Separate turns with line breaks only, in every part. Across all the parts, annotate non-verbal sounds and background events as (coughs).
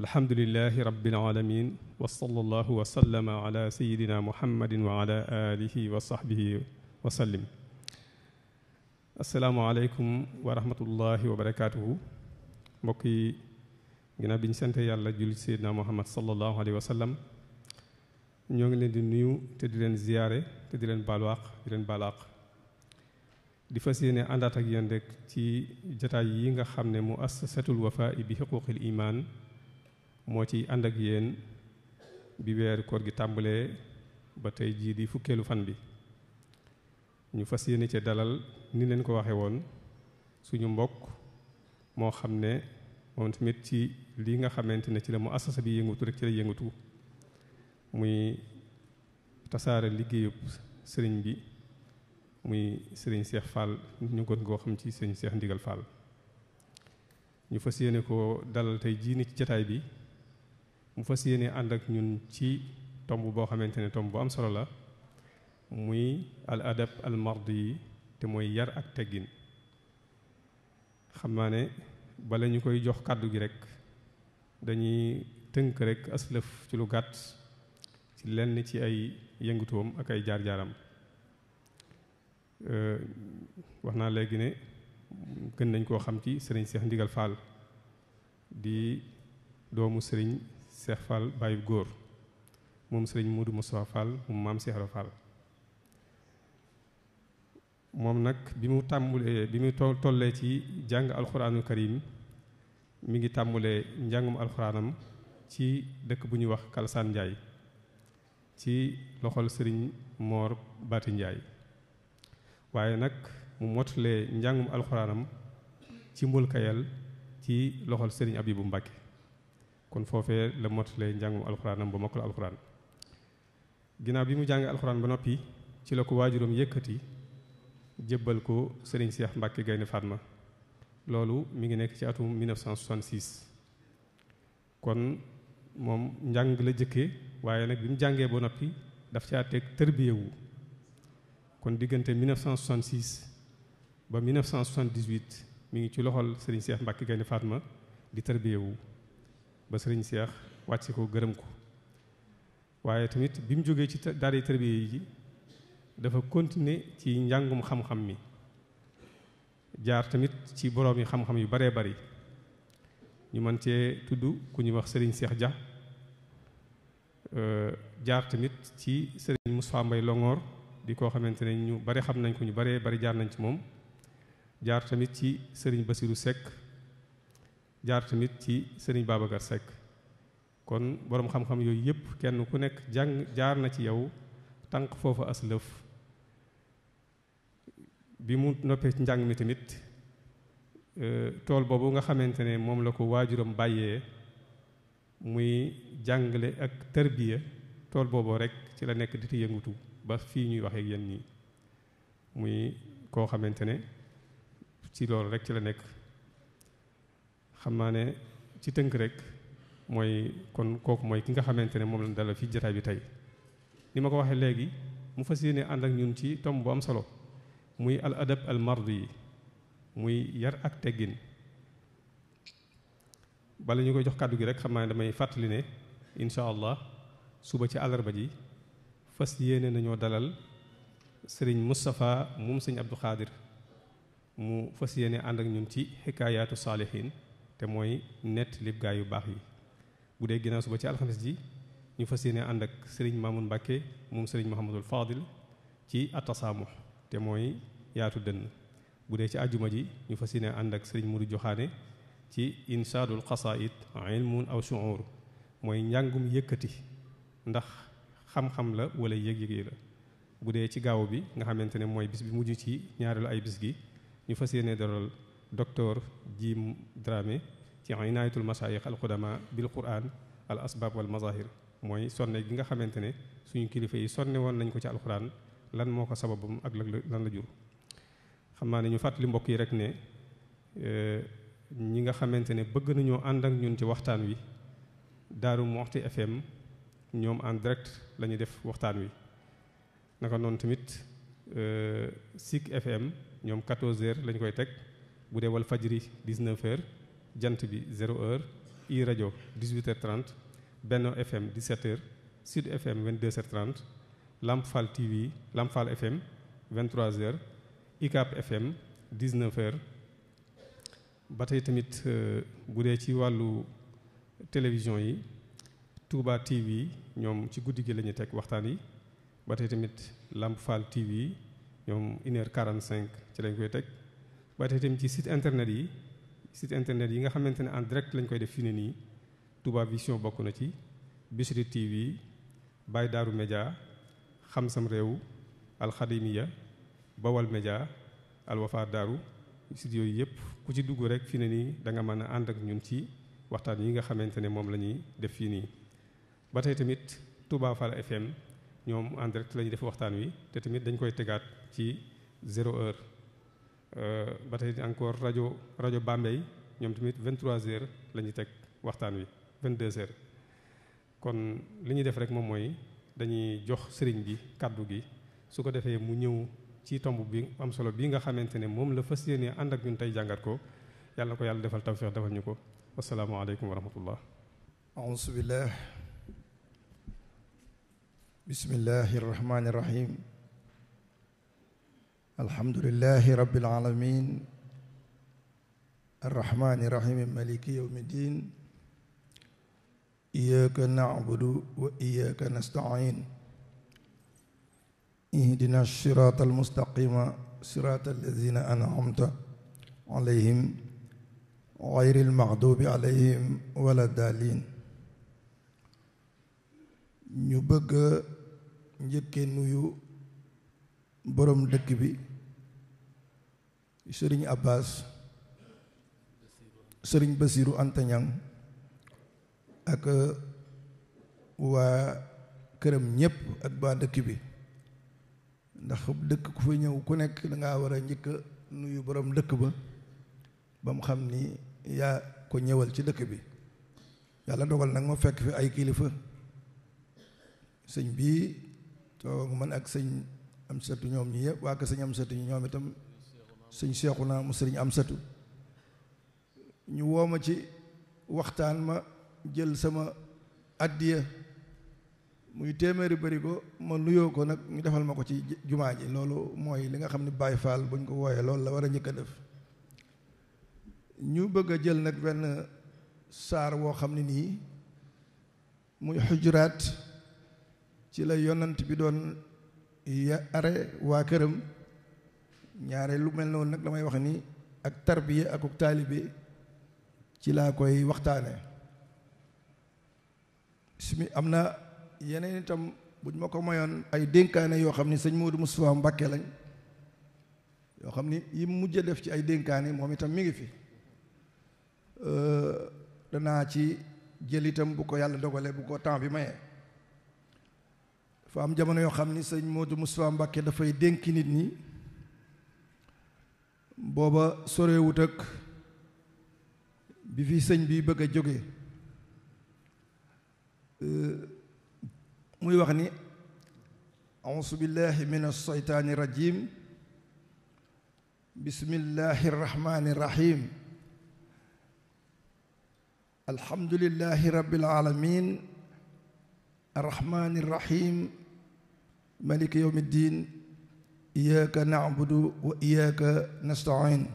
alhamdulilahi rabbil alamin wa sallallahu wa sallama ala wa ala alihi wa sahbihi wa sallim asalaamualeykum yi ginnaaw bi ñu sant yàlla julli sayidina muhammad sallallahu alayhi wa sallam ñoo ngi leen di nuyu te di leen ziyaare te di leen baalwaaq di leen baalaaq di fas yéene àndaat ak yéen rek ci jataay yi nga xam ne mu assasatul bi xuquqil iman moo ci ànd ak yéen bi weeru koor gi tàmbalee ba tey jii di fukkeelu fan bi ñu fas yéene cee dalal ni leen ko waxe woon suñu mbokk moo xam ne moom tamit ci lii nga xamante ne ci la mu asasa bi yëngatu rek ci la yëngatu muy tasaare liggéeyu sëriñ bi muy sëriñ seex Fall ñu gën koo xam ci sëriñ seex Ndigal Fall ñu fas yéene ko dalal tey jii ni ci jataay bi mu fas yéene ànd ak ñun ci tomb boo xamante ne tomb bu am solo la muy al adab al mardi yi te mooy yar ak teggin xam naa ne bala ñu koy jox kàddu gi rek dañuy tënk rek aslëf ci lu gàtt ci lenn ci ay yëngutoom ak ay jaar-jaaram wax naa léegi ne gën nañ koo xam ci sëriñ Seex Ndigal Fall di doomu sëriñ Cheikh Fall bàyyi góor moom sëriñ Modou Moustapha Fall moom maam Cheikh Fall moom nag bi mu tàmbulee bi mu tollee ci jàng alxuraanul karim mi ngi tàmbulee njàngum alxuraanam ci dëkk bu ñuy wax Kalsaan Njaay ci loxol sëriñ Moor Baati Njaay waaye nag mu mottalee njàngum alxuraanam ci mbul ci loxol sëriñ Abibu Mbàkke kon foofee la mottalee njàngum alxuraanam ba mokkal alxuraan ginnaaw bi mu jàngee alxuraan ba noppi ci la ko waajuram yëkkati jébbal ko sëriñ Seex Mbàkke Gaynde Fatma loolu mi ngi nekk ci atum kon moom njàng la jëkkee waaye nag bi mu jàngee ba noppi daf caa teg tërbiyewu kon diggante 1966 ba 1978 mi ngi ci loxol sëriñ Seex Mbàkke Gaynde Fatma di tërbiyewu ba sëriñ Seex wàcc ko gërëm ko waaye tamit bi mu jógee ci daara tarbiya yi dafa continuer ci njàngum xam-xam mi jaar tamit ci boroom yi xam-xam yu baree bari ñu mën cee tudd ku ñuy wax sëriñ Seex Ja jaar tamit ci sëriñ mu Mbay Longoor di koo xamante ne ñu bari xam nañ ko ñu baree bari jaar nañ ci moom jaar tamit ci sëriñ Basiru Sekk jaar tamit ci seeni Babacar Seck kon boroom xam-xam yooyu yëpp kenn ku nekk jàng jaar na ci yow tànk foofu as lëf bi mu noppee ci njàng mi tamit euh, tool boobu nga xamante ne moom la ko waajuram bàyyee muy jàngale ak tarbiya tool booboo rek ci la nekk di ti yëngutu ba fii ñuy waxee yéen ñi muy koo xamante ne ci loolu rek ci la nekk xam naa ne ci tënk rek mooy kon kooku mooy ki nga xamante ne moom la dalal fii jotaay bi tey ni ma ko waxee léegi mu fas yéene ànd ak ñun ci tomb bu am solo muy al adab al mardi yi muy yar ak teggin bala ñu koy jox kàddu gi rek xam naa ne damay fàttali ne incha allah suba ci àllarba ji fas yéene nañoo dalal sëriñ Moustapha moom sëñ Abdou Khadir mu fas yéene ànd ak ñun ci xikaayaatu saalihiin te mooy nett lib gaa yu baax yi bu dee ginnaaw suba ci alxames ji ñu fas yéene ànd ak sëriñ Mamoun Mbacke moom sëriñ Mouhamadul Fadil ci atasaamu te mooy yaatu dënn bu dee ci àjjuma ji ñu fas yéene ànd ak sëriñ Mourou Joxaane ci insaadul xasaid ilmun aw shuur mooy njàngum yëkkati ndax xam-xam la wala yëg-yëg la bu dee ci gaaw bi nga xamante ne mooy bis bi mujj ci ñaareelu ay bis gi ñu fas yéene dalal docteur Jim Dramé ci inaayatul masaayix al qudama bil quran al asbaab wal mazahir mooy sonne gi nga xamante ne suñu kilifa yi sonne woon nañ ko ci alquran lan moo ko sababum ak lan la jur xam naa ne ñu fàttali mbokk yi rek ne eh, ñi nga xamante ne bëgg nañoo ànd ak ñun ci waxtaan wi Daaru Muxti FM ñoom en direct la ñuy def waxtaan wi naka noonu tamit SIC eh, FM ñoom 14 heures lañ koy teg bu dee wal fajri 19h jant bi 0h i rajo 18h30 FM 17h Sud FM 22h30 Lamp Fall TV Lamp Fall FM 23h ICAP FM 19 ba tey tamit euh, bu dee ci wàllu télévision yi Touba TV ñoom ci guddi gi lañuy teg waxtaan yi ba tey tamit Lamp Fall TV ñoom une heure 45 ci lañ koy teg. waaye tamit ci site internet yi site internet yi nga xamante ne en direct lañ koy def fii ne nii tubaab Vision bokk na ci Bichri TV Baye daaru Média Xam Sam Réew Alxadimiya Bawal Média Alwafa Darou site yooyu yëpp ku ci dugg rek fi ne nii da nga mën a ànd ak ñun ci waxtaan yi nga xamante ne moom la ñuy def fii nii. ba tey tamit tubaab Fall FM ñoom en direct lañuy def waxtaan wi te tamit dañ koy tegaat ci zéro eur Euh, ba tey encore rajo rajo Bambey ñoom tamit 23h la ñuy teg waxtaan wi 22h kon li ñuy def rek moom mooy dañuy jox sëriñ bi kàddu gi su ko defee mu ñëw ci tomb bi am solo bii nga xamante ne moom la fas yéenee ànd ak ñun tey jàngat ko yàlla ko yàlla defal tawféex defal ñu ko asalaamaaleykum wa rahmatullah
auzu billah bismillahi rahmaani rahim alhamdulilahi rabbil alamin arrahmani irrahimi maliki yawmi din iyyaka na'budu wa iyyaka nasta'in ihdina sirata almustaqima sirata alladhina an'amta alayhim ghayri almaghdubi alayhim wala dalin ñu bëgg njëkke nuyu borom dëkk bi sëriñ Abbas sëriñ Basiru anteñam ak waa këram ñépp ak baa dëkk bi ndax dëkk ku fa ñëw ku nekk da ngaa war a njëkk nuyu borom dëkk ba ba mu xam ni yaa ko ñëwal ci dëkk bi yàlla dogal nag ma fekk fi ay kilifa sëñ bii toog man ak sëñ am sëtu ñoom ñi yëpp waa ko sëñ am sëtu ñoom itam sëñ seexu naa mu sëriñ am satu ñu wooma ci waxtaan ma jël sama addiya muy téeméeri bëri ko ma nuyoo ko nag ñu defal ma ko ci jumaa ji loolu mooy li nga xam ne Baay Faal buñ ko wooyee loolu la war a njëkk a def ñu bëgg a jël nag benn saar woo xam ne nii muy xujuraat ci la yonant bi doon yare waa këram ñaare lu mel noonu nag damay wax ni ak tarbiya ak taalibe ci laa koy waxtaane su mi am na yeneen itam buñ ma ko mayoon ay dénkaane yoo xam ni sëñ Modou Moustapha Mbacké lañ yoo xam ni yi mujj def ci ay dénkaane moom itam mi ngi fi euh, danaa ci jël itam bu ko yàlla dogale bu ko temps bi mayee dafa am jamono yoo xam ni sëñ Modou Moustapha Mbacké dafay dénki nit ñi booba sorewut ak bi fi sëñ bi bëgg a jóge euh, muy wax ni ausu billahi min alseytaani irrajim bismillahi irrahmani irrahim alhamdulilahi rabbil alamin arrahmani irrahim maliki yawmi ddin iyyaka na'budu wa iyyaka nasta'in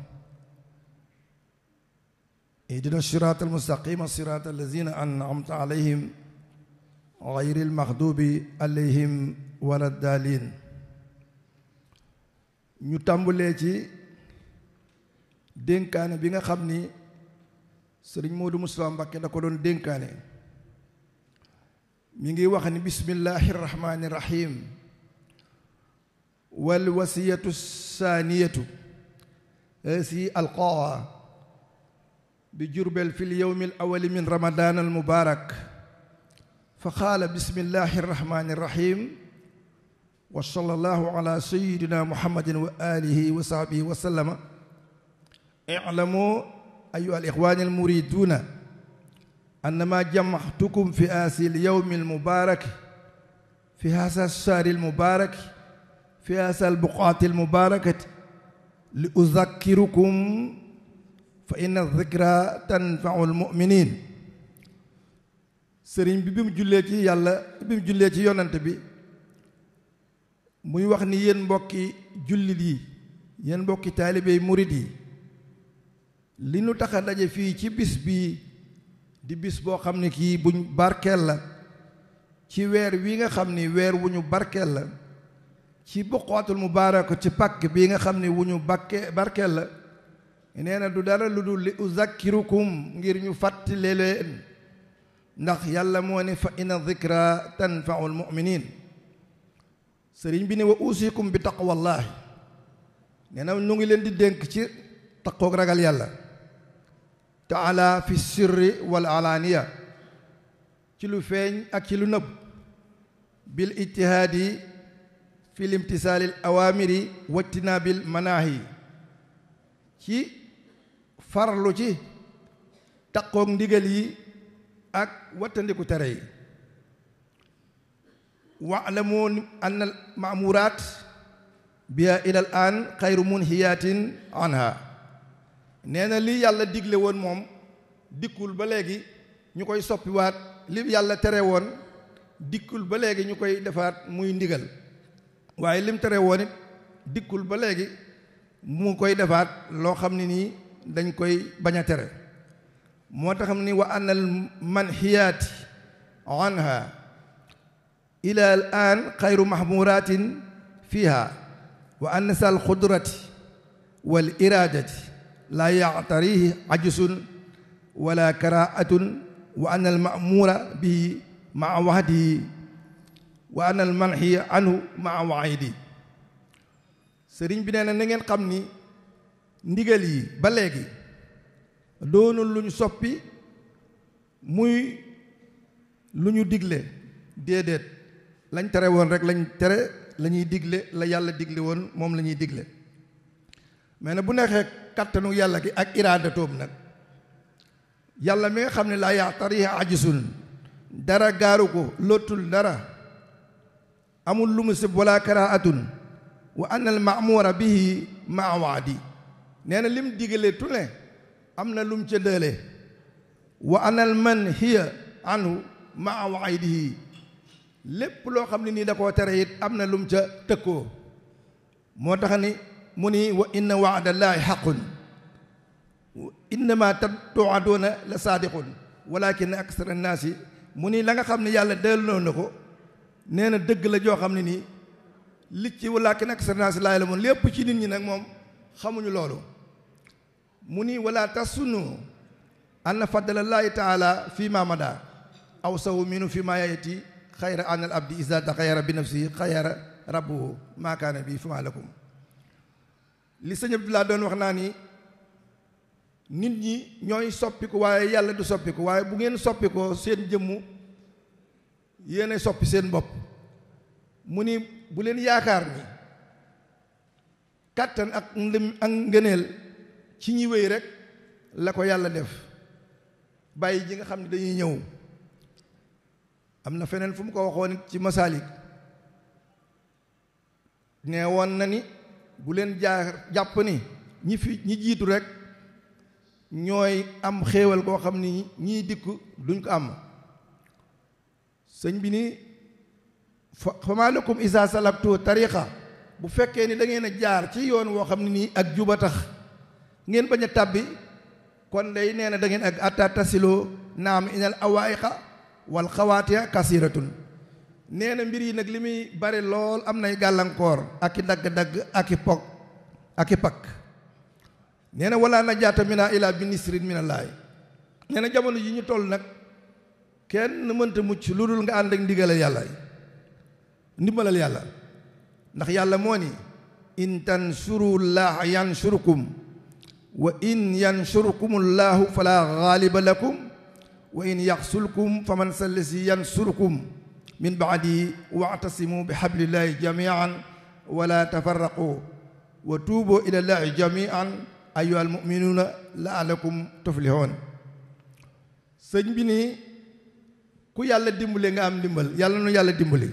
ihdina siraatal mustaqiima siraatal laziina an'amta alayhim ghayril maghduubi alayhim walad daaliin ñu tàmbalee ci dénkaane bi nga xam ni sëriñ Moodu Mustafaa Mbakke da ko doon dénkaane mi ngi wax ni bismillaahi rahmaani rahiim wal wasiyatu saaniyatu eh, si alqaaha bi jurbel fi lyowmi alawali min ramadan almubarak fa qaala bismillahi arrahmani irrahim wa sallallahu ala sayidina muhammadin wa alihi wa sahbihi wa sallama i'lamu ayuha alikhwani almuriduna annama jama'tukum fi aasi lyowmi almubarak fi haza alshahri almubarak fi hasa albuqaati almubarakati li uzakkirukum fa inna zikra tanfau almuminin sëriñ bi bi mu jullee ci yàlla bi mu jullee ci yonent bi muy wax ni yéen mbokki jullit yi yen mbokki taalibey murit yi li nu tax a fii ci bis bii di bis boo xam ne kii buñ barkeel la ci weer wi nga xam ni weer wu ñu barkeel la ci buqaatul mubaaraka ci pàkk bii nga xam ne wu ñu bakke barkeel la nee na du dara lu dul li uzakkirukum ngir ñu fàttali leen ndax yàlla moo ne fa inna dikra tanfaul muminin sëriñ bi ne wa usikum bi taqwallahi nee na ñu ngi leen di dénk ci taqoog ragal yàlla taala fi sirri wal alaaniya ci lu feeñ ak ci lu nëbb bil fi limtisaalil awaamiri wajtinaabil manaahi ci farlu ci takkook ndigal yi ak wattandiku tere yi waalamu anna al maamuraat biha ila al aan xayru munhiyaatin anha nee na li yàlla digle woon moom dikkul ba léegi ñu koy soppiwaat li yàlla tere woon dikkul ba léegi ñu koy defaat muy ndigal waaye lim tere woon dikkul ba léegi mu koy defaat loo xam ne nii dañ koy bañ a tere moo tax xam ni wa an al manhiyaati anha ila al an xayru fiha wa an sal xudrati wal iradati laa yactarihi ajusun wala karaatun wa an al maamura bihi maa wahdihi wa anal manhi anu ma di sëriñ bi nee na nangeen xam ni ndigal yi ba léegi doonu lu ñu soppi muy lu ñu digle déedéet lañ tere woon rek lañ tere la ñuy digle la yàlla digle woon moom la ñuy digle mais nag bu neexee kàttanu yàlla gi ak iraadatoom nag yàlla mi xam ne laa yaatariha ajisun dara gaaru ko lottul dara amul lu mu sib wala karaatun wa anna al maamura bihi maa waadi nee na lim digale tune am na lum ca dële wa anna al man hiya anhu maa waadihi lépp loo xam ne nii da koo tere it am na lum ca tëkkoo moo tax ni mu ni wa inna waadallaahi xaqun innama ta tuwaadoona la saadiqun walakin aksara annaasi mu ni la nga xam ne yàlla dël na ko nee na dëgg la joo xam ne nii li nag walaakin aksarnaa si laay la moom lépp ci nit ñi nag moom xamuñu loolu mu ni wala tasunu anna fadlalaahi taala fii fi mada aw sawu minu fi ma yayati xayra an al abdi isa taxayara bi nafsihi xayara rabbuhu maakaana bi fi ma lakum li sëñ Abdulaa doon wax naa ni nit ñi ñooy soppiku waaye yàlla du soppiku waaye bu ngeen soppikoo seen jëmmu yéene soppi seen bopp mu ni buleen yaakaar ni kàttan ak ndëm ak ngëneel ci ñi wéy rek la ko yàlla def bàyyi ji nga xam ne dañuy ñëw am na feneen fu mu ko waxoon ci masaalik nee woon na ni bu leen jaar jàpp ni ñi fi ñi jiitu rek ñooy am xéewal koo xam ni ñii dikk duñ ko am sëñ bi ni fa maa lakum isa salabtu tariqa bu fekkee ni da ngeen a jaar ci yoon woo xam ne nii ak juba tax ngeen bañ a tàbbi kon day nee na da ak atta tasiloo naam inal awaayiqa wal xawaatiya kasiratun nee na mbir yi nag li muy bare lool am nay gàllankoor ak i dagg-dagg ak i pog ak i pakk nee na wala najaata mina ilaa bi nisrin mina laay jamono yi ñu toll nag kenn mënta mucc lu dul nga ànd ak ndigalal yàlla ndimbalal yàlla ndax yàlla moo ni in tansurullaah yansurukum wa in yansurkumullaahu falaa gaaliba lakum wa in yaxsulkum faman sallasi yansurukum min baadi wactasimu bi xablillahi jamian wala tafarraqu wa tuubu ilallahi jamian ayuha almuminuuna laalakum tuflihoon sëñ bi ku yàlla dimbali nga am ndimbal yàlla nu yàlla dimbali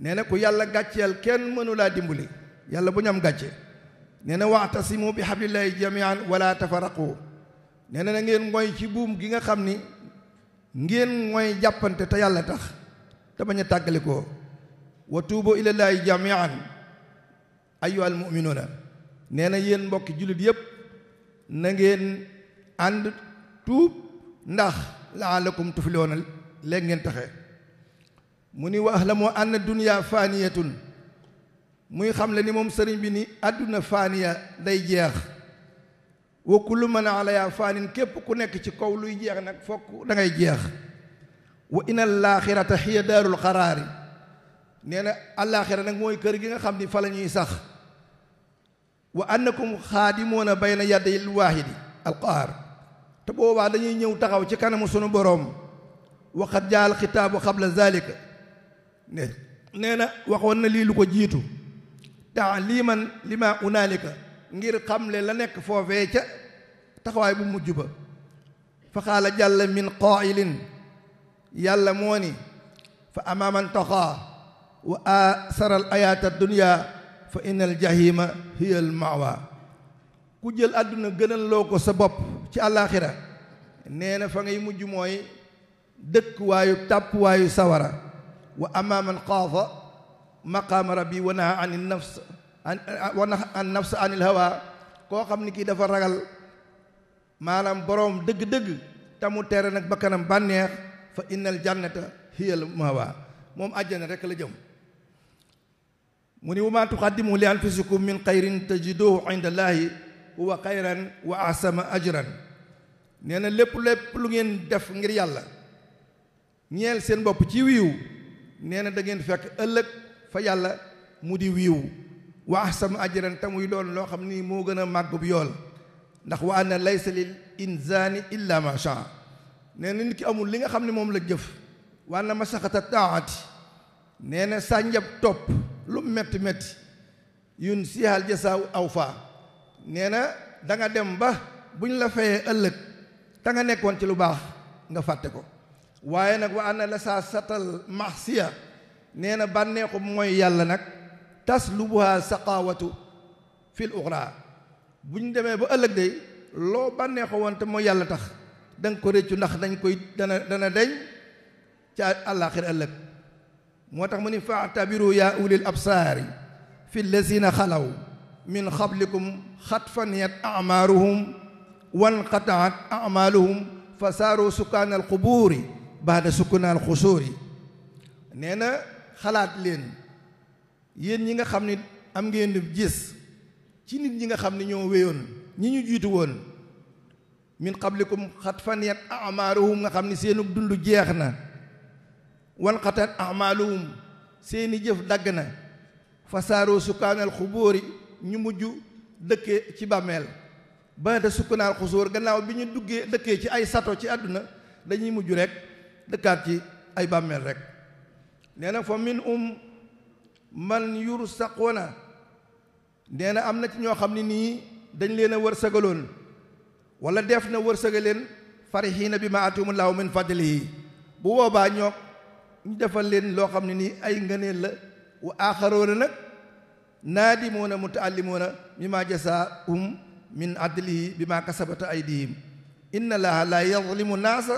nee na ku yàlla gàcceel kenn mënulaa dimbali yàlla bu ñu am gàcce nee na waxtasimu bi hablillahi jamian wala tafaraqu nee na na ngeen ngoy ci buum gi nga xam ni ngeen ngoy jàppante te yàlla tax te bañ a tàggalikoo wa tuubu ilallahi jamian ayyuhal muminuuna nee na yéen mbokki jullit yépp na ngeen ànd tuub ndax laalakum tuflihoonal léegi ngeen taxe mu ni wax la moo ànd duniyaa faaniyatun muy xamle ni moom sëriñ bi ni àdduna faaniya day jeex wa kullu man alaya faanin képp ku nekk ci kaw luy jeex nag fokk dangay jeex wa ina laaxirata xiya daarul xaraari nee na àllaaxira nag mooy kër gi nga xam ni fa la ñuy sax wa annakum xaadimoona bayna lu waahidi alqaar te boobaa dañuy ñëw taxaw ci kanamu sunu boroom waxat jaal xitaabu xabla zalika ne waxoon na lii lu ko jiitu taaliman lima unaalika ngir xamle la nekk foofee ca taxawaay bu mujj ba fa xaala jàll min qaa'ilin yàlla moo ni fa amaa man taxaa wa aasara al ayaata fa inna al jahima hiya ku jël àdduna gënal ko sa bopp ci àllaaxira nee fa ngay mujj mooy dëkkuwaayu tàppuwaayu sawara wa ama man xaafa maqaama rabbi wa naha an nafs wa naha an nafs hawa koo xam ni kii dafa ragal maanaam boroom dëgg-dëgg te tere nag ba bakkanam bànneex fa innal jannata hiya al mawa moom àjjana rek la jëm mu ni wa maa tuqaddimu li anfusikum min xayrin tajiduhu inda allahi wa ahsama ajran nee na lépp lépp lu ngeen def ngir yàlla ñeel seen bopp ci wiiw nee na da ngeen fekk ëllëg fa yàlla mu di wiiw wax sama ajran te muy doon loo xam ni moo gën a màggub yool ndax wa anna laysa lil insaani illa ma shaa nee na nit ki amul li nga xam ne moom la jëf wa ma saxata taati nee na sànjab topp lu metti metti yun sihaal jasaaw aw faa nee na da dem ba bu ñu la fayee ëllëg te nga nekkoon ci lu baax nga fàtte ko waaye nag wa ana la saa satal maxsiya nee na bànneexum mooy yàlla nag taslubuha saqaawatu fil uxra bu ñu demee ba ëllëg day loo bànneexu woon te yàlla tax da ko réccu ndax dañ koy dana dana deñ ca àllaaxir ëllëg moo tax mu ni faatabiru yaa ulil absaari fi lazina xalaw min xablikum xatfaniyat amaaruhum wanqataat amaaluhum fa saaru sukaanal qubuuri baada sukkunaal xusóor yi nee na xalaat leen yéen ñi nga xam ni am ngeen di gis ci nit ñi nga xam ne ñoo wéyoon ñi ñu jiitu woon min qablikum xat faniyat amaaruhum nga xam ni seenu dund jeex na wanqatat amaaluhum seeni jëf dagg na fa fasaaroo sukkaanal xubóori ñu mujj dëkkee ci bàmmeel baada sukkunaal xusóor gannaaw bi ñu duggee dëkkee ci ay sato ci àdduna dañuy mujj rekk dëkkaat ci ay bàmmeel rek nee na fa min um man yursaquna nee na am na ci ñoo xam ne nii dañ leen a wërsëgaloon wala def na wërsëgaleen farihiina bi ma atumullahu min fadlihi bu boobaa ñoo ñu defal leen loo xam ne nii ay ngëneel la wa aaxaroona nag naadimuuna mutaallimuuna mi ma jasaahum min adlihi bi ma kasabata aydihim inna allaha la yazlimu naasa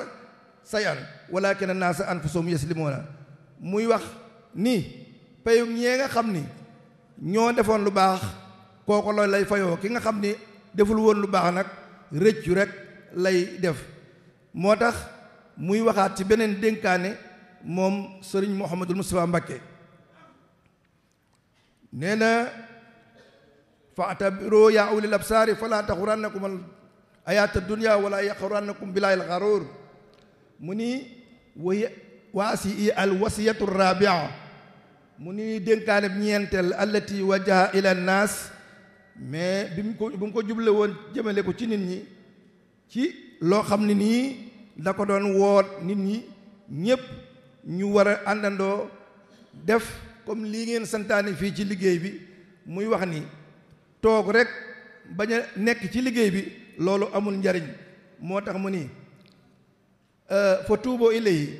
sa sayan walakin annaasa anfusahum yaslimuuna muy wax ni payug ñee nga xam ni ñoo defoon lu baax kooku loolu lay fayoo ki nga xam ni deful woon lu baax nag rëccu rek lay def moo tax muy waxaat ci beneen dénkaane moom sëriñ Mouhamadul Moustapha Mbakke nee na fa'tabiroo yaa ulil absaari falaa taxurannakum al ayaata dunya wala yaxurannakum bilaayil xaruur mu ni way waasi i al wasiyatu rabia mu ni dénkaane ñeenteel allati wajaha ila naas mais bi mu ko bi ko juble woon jëmale ko ci nit ñi ci loo xam ne nii da ko doon woot nit ñi ñëpp ñu war a àndandoo def comme lii ngeen santaane fii ci liggéey bi muy wax ni toog rek bañ a nekk ci liggéey bi loolu amul njariñ moo tax mu ni Euh, fa tuuboo yi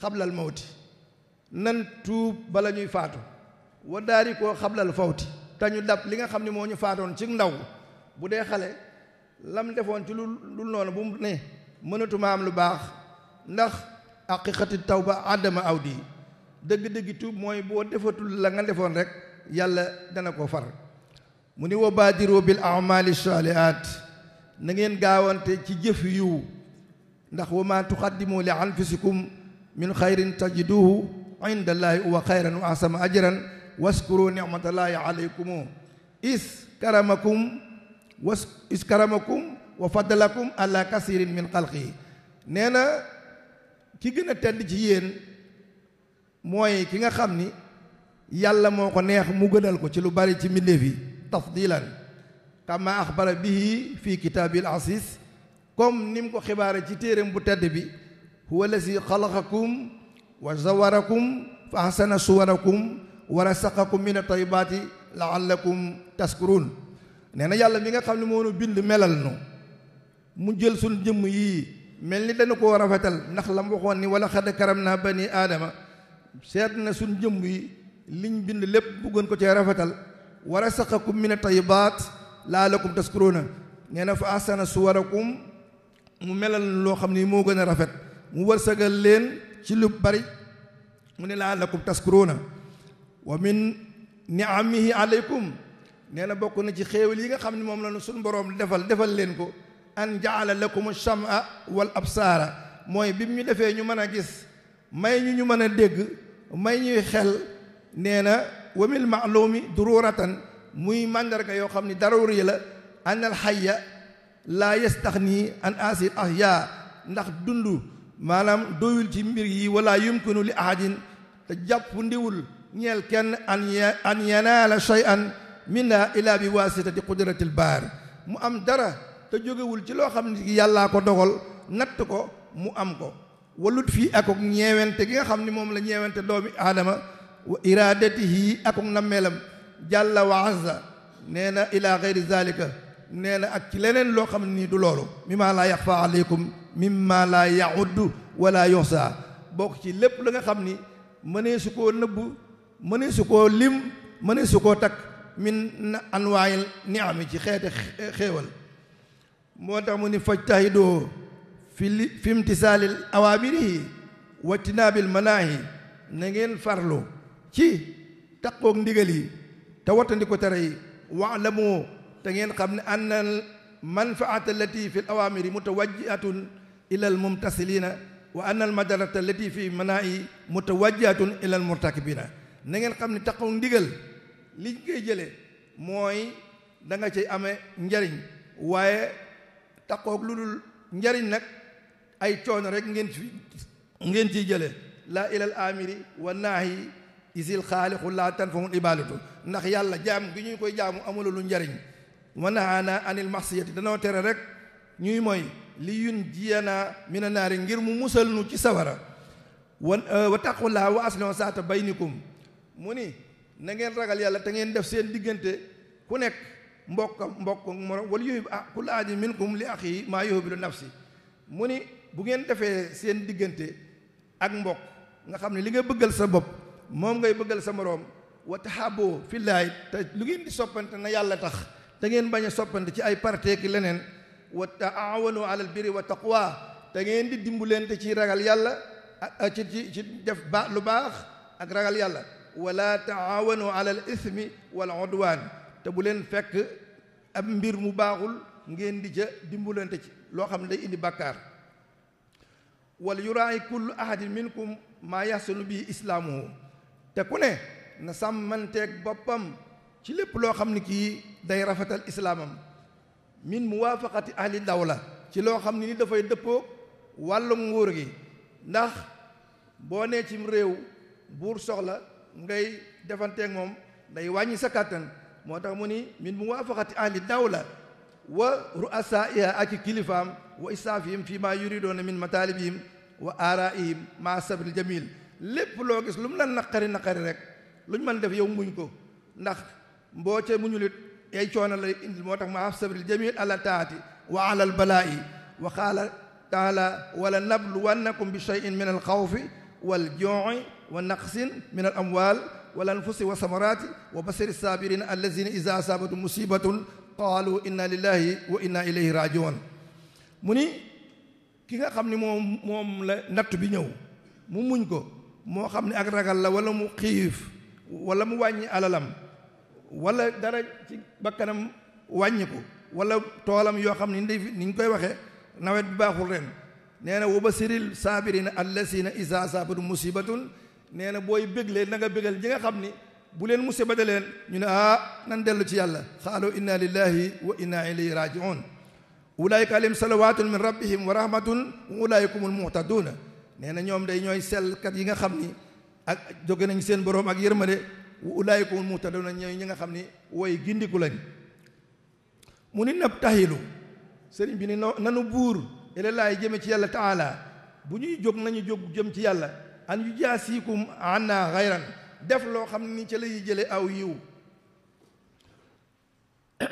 xablal mawti nan tuub bala ñuy faatu wa daari koo xablal fawti te ñu dab li nga xam ne moo ñu faatoon ci ndaw bu dee xale lam defoon ci lu lu noonu bu ne mënatuma am lu baax ndax aqiqati tawba adama awdi dëgg-dëgg tuub mooy boo defatul la nga defoon rek yàlla dana ko far mu ni wa baadiru bil amali salihat na ngeen gaawante ci jëf yiw ndax wa ma tuqaddimu li anfusikum min xayrin tajiduhu inda allahi huwa xayran wa asama ajran waskuru nicmatallahi alaykum is karamakum wa faddalakum ala kasirin min xalqi nee na ki gën ci yéen mooy ki nga xam ni yàlla moo ko neex mu gënal ko ci lu bari ci mbindéef yi tafdilan kama axbara bihi fi kitaabil asis comme ni mu ko xibaare ci téeréem bu tedd bi huwa allazi xalaqakum wa zawarakum fa ahsana suwarakum wa rasaqakum min at-tayyibaati la'allakum tashkurun nee na yàlla mi nga xam ne moo nu bind melal nu mu jël suñ jëmm yii mel ni dañu koo rafetal ndax la mu waxoon wala xad karam naa bani aadama seet na suñ jëmm yi liñ bind lépp bëggoon ko cee rafetal wa rasaqakum min at-tayyibaat nee na fa ahsana suwarakum mu melal loo xam ni moo gën a rafet mu wërsëgal leen ci lu bari mu ne laa lakum taskuruuna wa min niamihi aleykum nee na bokk na ci xéewal yi nga xam ni moom la suñu boroom defal defal leen ko an jaala lakum sama wal absaara mooy bi mu ñu defee ñu mën a gis may ñu ñu mën a dégg may ñuy xel nee na wamil maalumi dururatan muy màndarga yoo xam ni daruri la an al xayya laa yastax nii an asir ahya ndax dund maanaam doyul ci mbir yi wala yumkinu li ahadin te jàpp ndiwul ñeel kenn an an yanaala shay'an minna ilaa bi waasitati qudratil baar mu am dara te jógewul ci loo xam ne yàllaa ko dogal natt ko mu am ko walut fii akok ñeewente gi nga xam ni moom la ñeewente doomi aadama wa iradatihi akok nammeelam jàlla wa nee na ila geyri zalika nee na ak ci leneen loo xam ne nii du loolu mimma laa yaxfa aleykum mimma laa yauddu wala yoxsa bokk ci lépp la nga xam ni mënee su koo nëbb mënee su koo lim mënee su koo takk min anwaayil niami ci xeeti xéewal moo tax mu ni fajtahidoo fi li fi imtisaalil awaamirihi wa tinaabil manaahi na ngeen farlu ci takkook ndigal yi te wattandi ko tere yi waalamu te ngeen xam ne ann al manfaata allati fi l awamiri mutawajjihatun ila al mumtasilina wa ann al madarata allati fi manaayi mutawajjihatun ila al murtakibina na ngeen xam ne taxaw ndigal liñ koy jëlee mooy danga nga cay amee njariñ waaye taxaw lu dul njariñ nag ay coono rek ngeen fi ngeen ciy jëlee laa ilal amiri wa naahi isil xaaliqu laa tanfahul ibaalatu ndax yàlla jaam gi ñu koy jaamu amula njariñ wa nahaana anil maxsiyati danoo tere rek ñuy mooy li yun jiyana mina naari ngir mu musal nu ci sawara wa euh, wa taqullaa wa aslihu saata baynikum mu ni na ngeen ragal yàlla te ngeen def seen diggante ku nekk mbokkam mbokk moro wala yuhib ah, kullu ahadin minkum li axi maa yuhibbu li nafsi mu ni bu ngeen defee seen diggante ak mbokk nga xam ne li nga bëggal sa bopp moom ngay bëggal sa moroom wa tahaboo fillaahi te lu ngeen di soppante na yàlla tax te ngeen bañ a soppante ci ay parti ki leneen wa taawanu alal birri wa taqwa te ngeen di dimbalante ci ragal yàlla ci ci ci def ba lu baax ak ragal yàlla wala taawanu alal ismi wal udwaan te bu leen fekk ab mbir mu baaxul ngeen di jë dimbalante ci loo xam ne day indi bàkkaar wal yuraayi kullu ahadin minkum maa yaxsanu bi islaamuhu te ku ne na sàmmanteeg boppam ci lépp loo xam ne kii day rafetal islaamam min muwaafaqati ahli la ci loo xam ne ni dafay dëppoo wàllum nguur gi ndax boo nee ci réew buur soxla ngay defanteeg moom day wàññi sa kàttan moo tax mu ni min muwaafaqati ahli dawla wa ru'asaa'iha ak kilifaam wa isaafihim fi ma yuridoona min mataalibihim wa aaraihim ma sabril jamil lépp loo gis lu mu la naqari naqari rek lu ñu mën def yow muñ ko ndax mboo ca mu ñulit ay coono lay indil moo tax ma af sabril taati wa ala al balaa'i wala nabluwannakum bi cheyin min al xawfi wal jooci wa naqsin min al amwal anfusi wa samarati wa basiri saabirina allazina ida asaabatum musibatun qaalu inna lillahi wa mu ni ki nga xam ni moom moom la natt bi ñëw mu muñ ko moo xam ne ak ragal la wala mu xiif wala mu wàññi alalam wala dara ci bakkanam wàññi ko wala toolam yoo xam ne ni ñu koy waxee nawet bi baaxul ren nee na wa basiril saabirina allasina isa asaabatum musibatun nee na booy béglee na nga bégal ñi nga xam ni bu leen musiba da leen ñu ne ah nan dellu ci yàlla xaaloo inna lillahi wa inna ilayhi rajiun ulaayika alayhim salawatun min rabbihim wa rahmatun wa ulaayikumul muhtaduna nee na ñoom day ñooy sellkat yi nga xam ni ak jóge seen boroom ak yërmande wa ulaayika hum muhtaduna ñooy ñi nga xam ni woy gindiku lañ mu ni nab taxilu sëriñ bi ni nanu buur ilalaay jëme ci yàlla taala bu ñuy jóg nañu jóg jëm ci yàlla an yu jaasikum anna xayran def loo xam ni ci lay jële aw yiw (clears throat)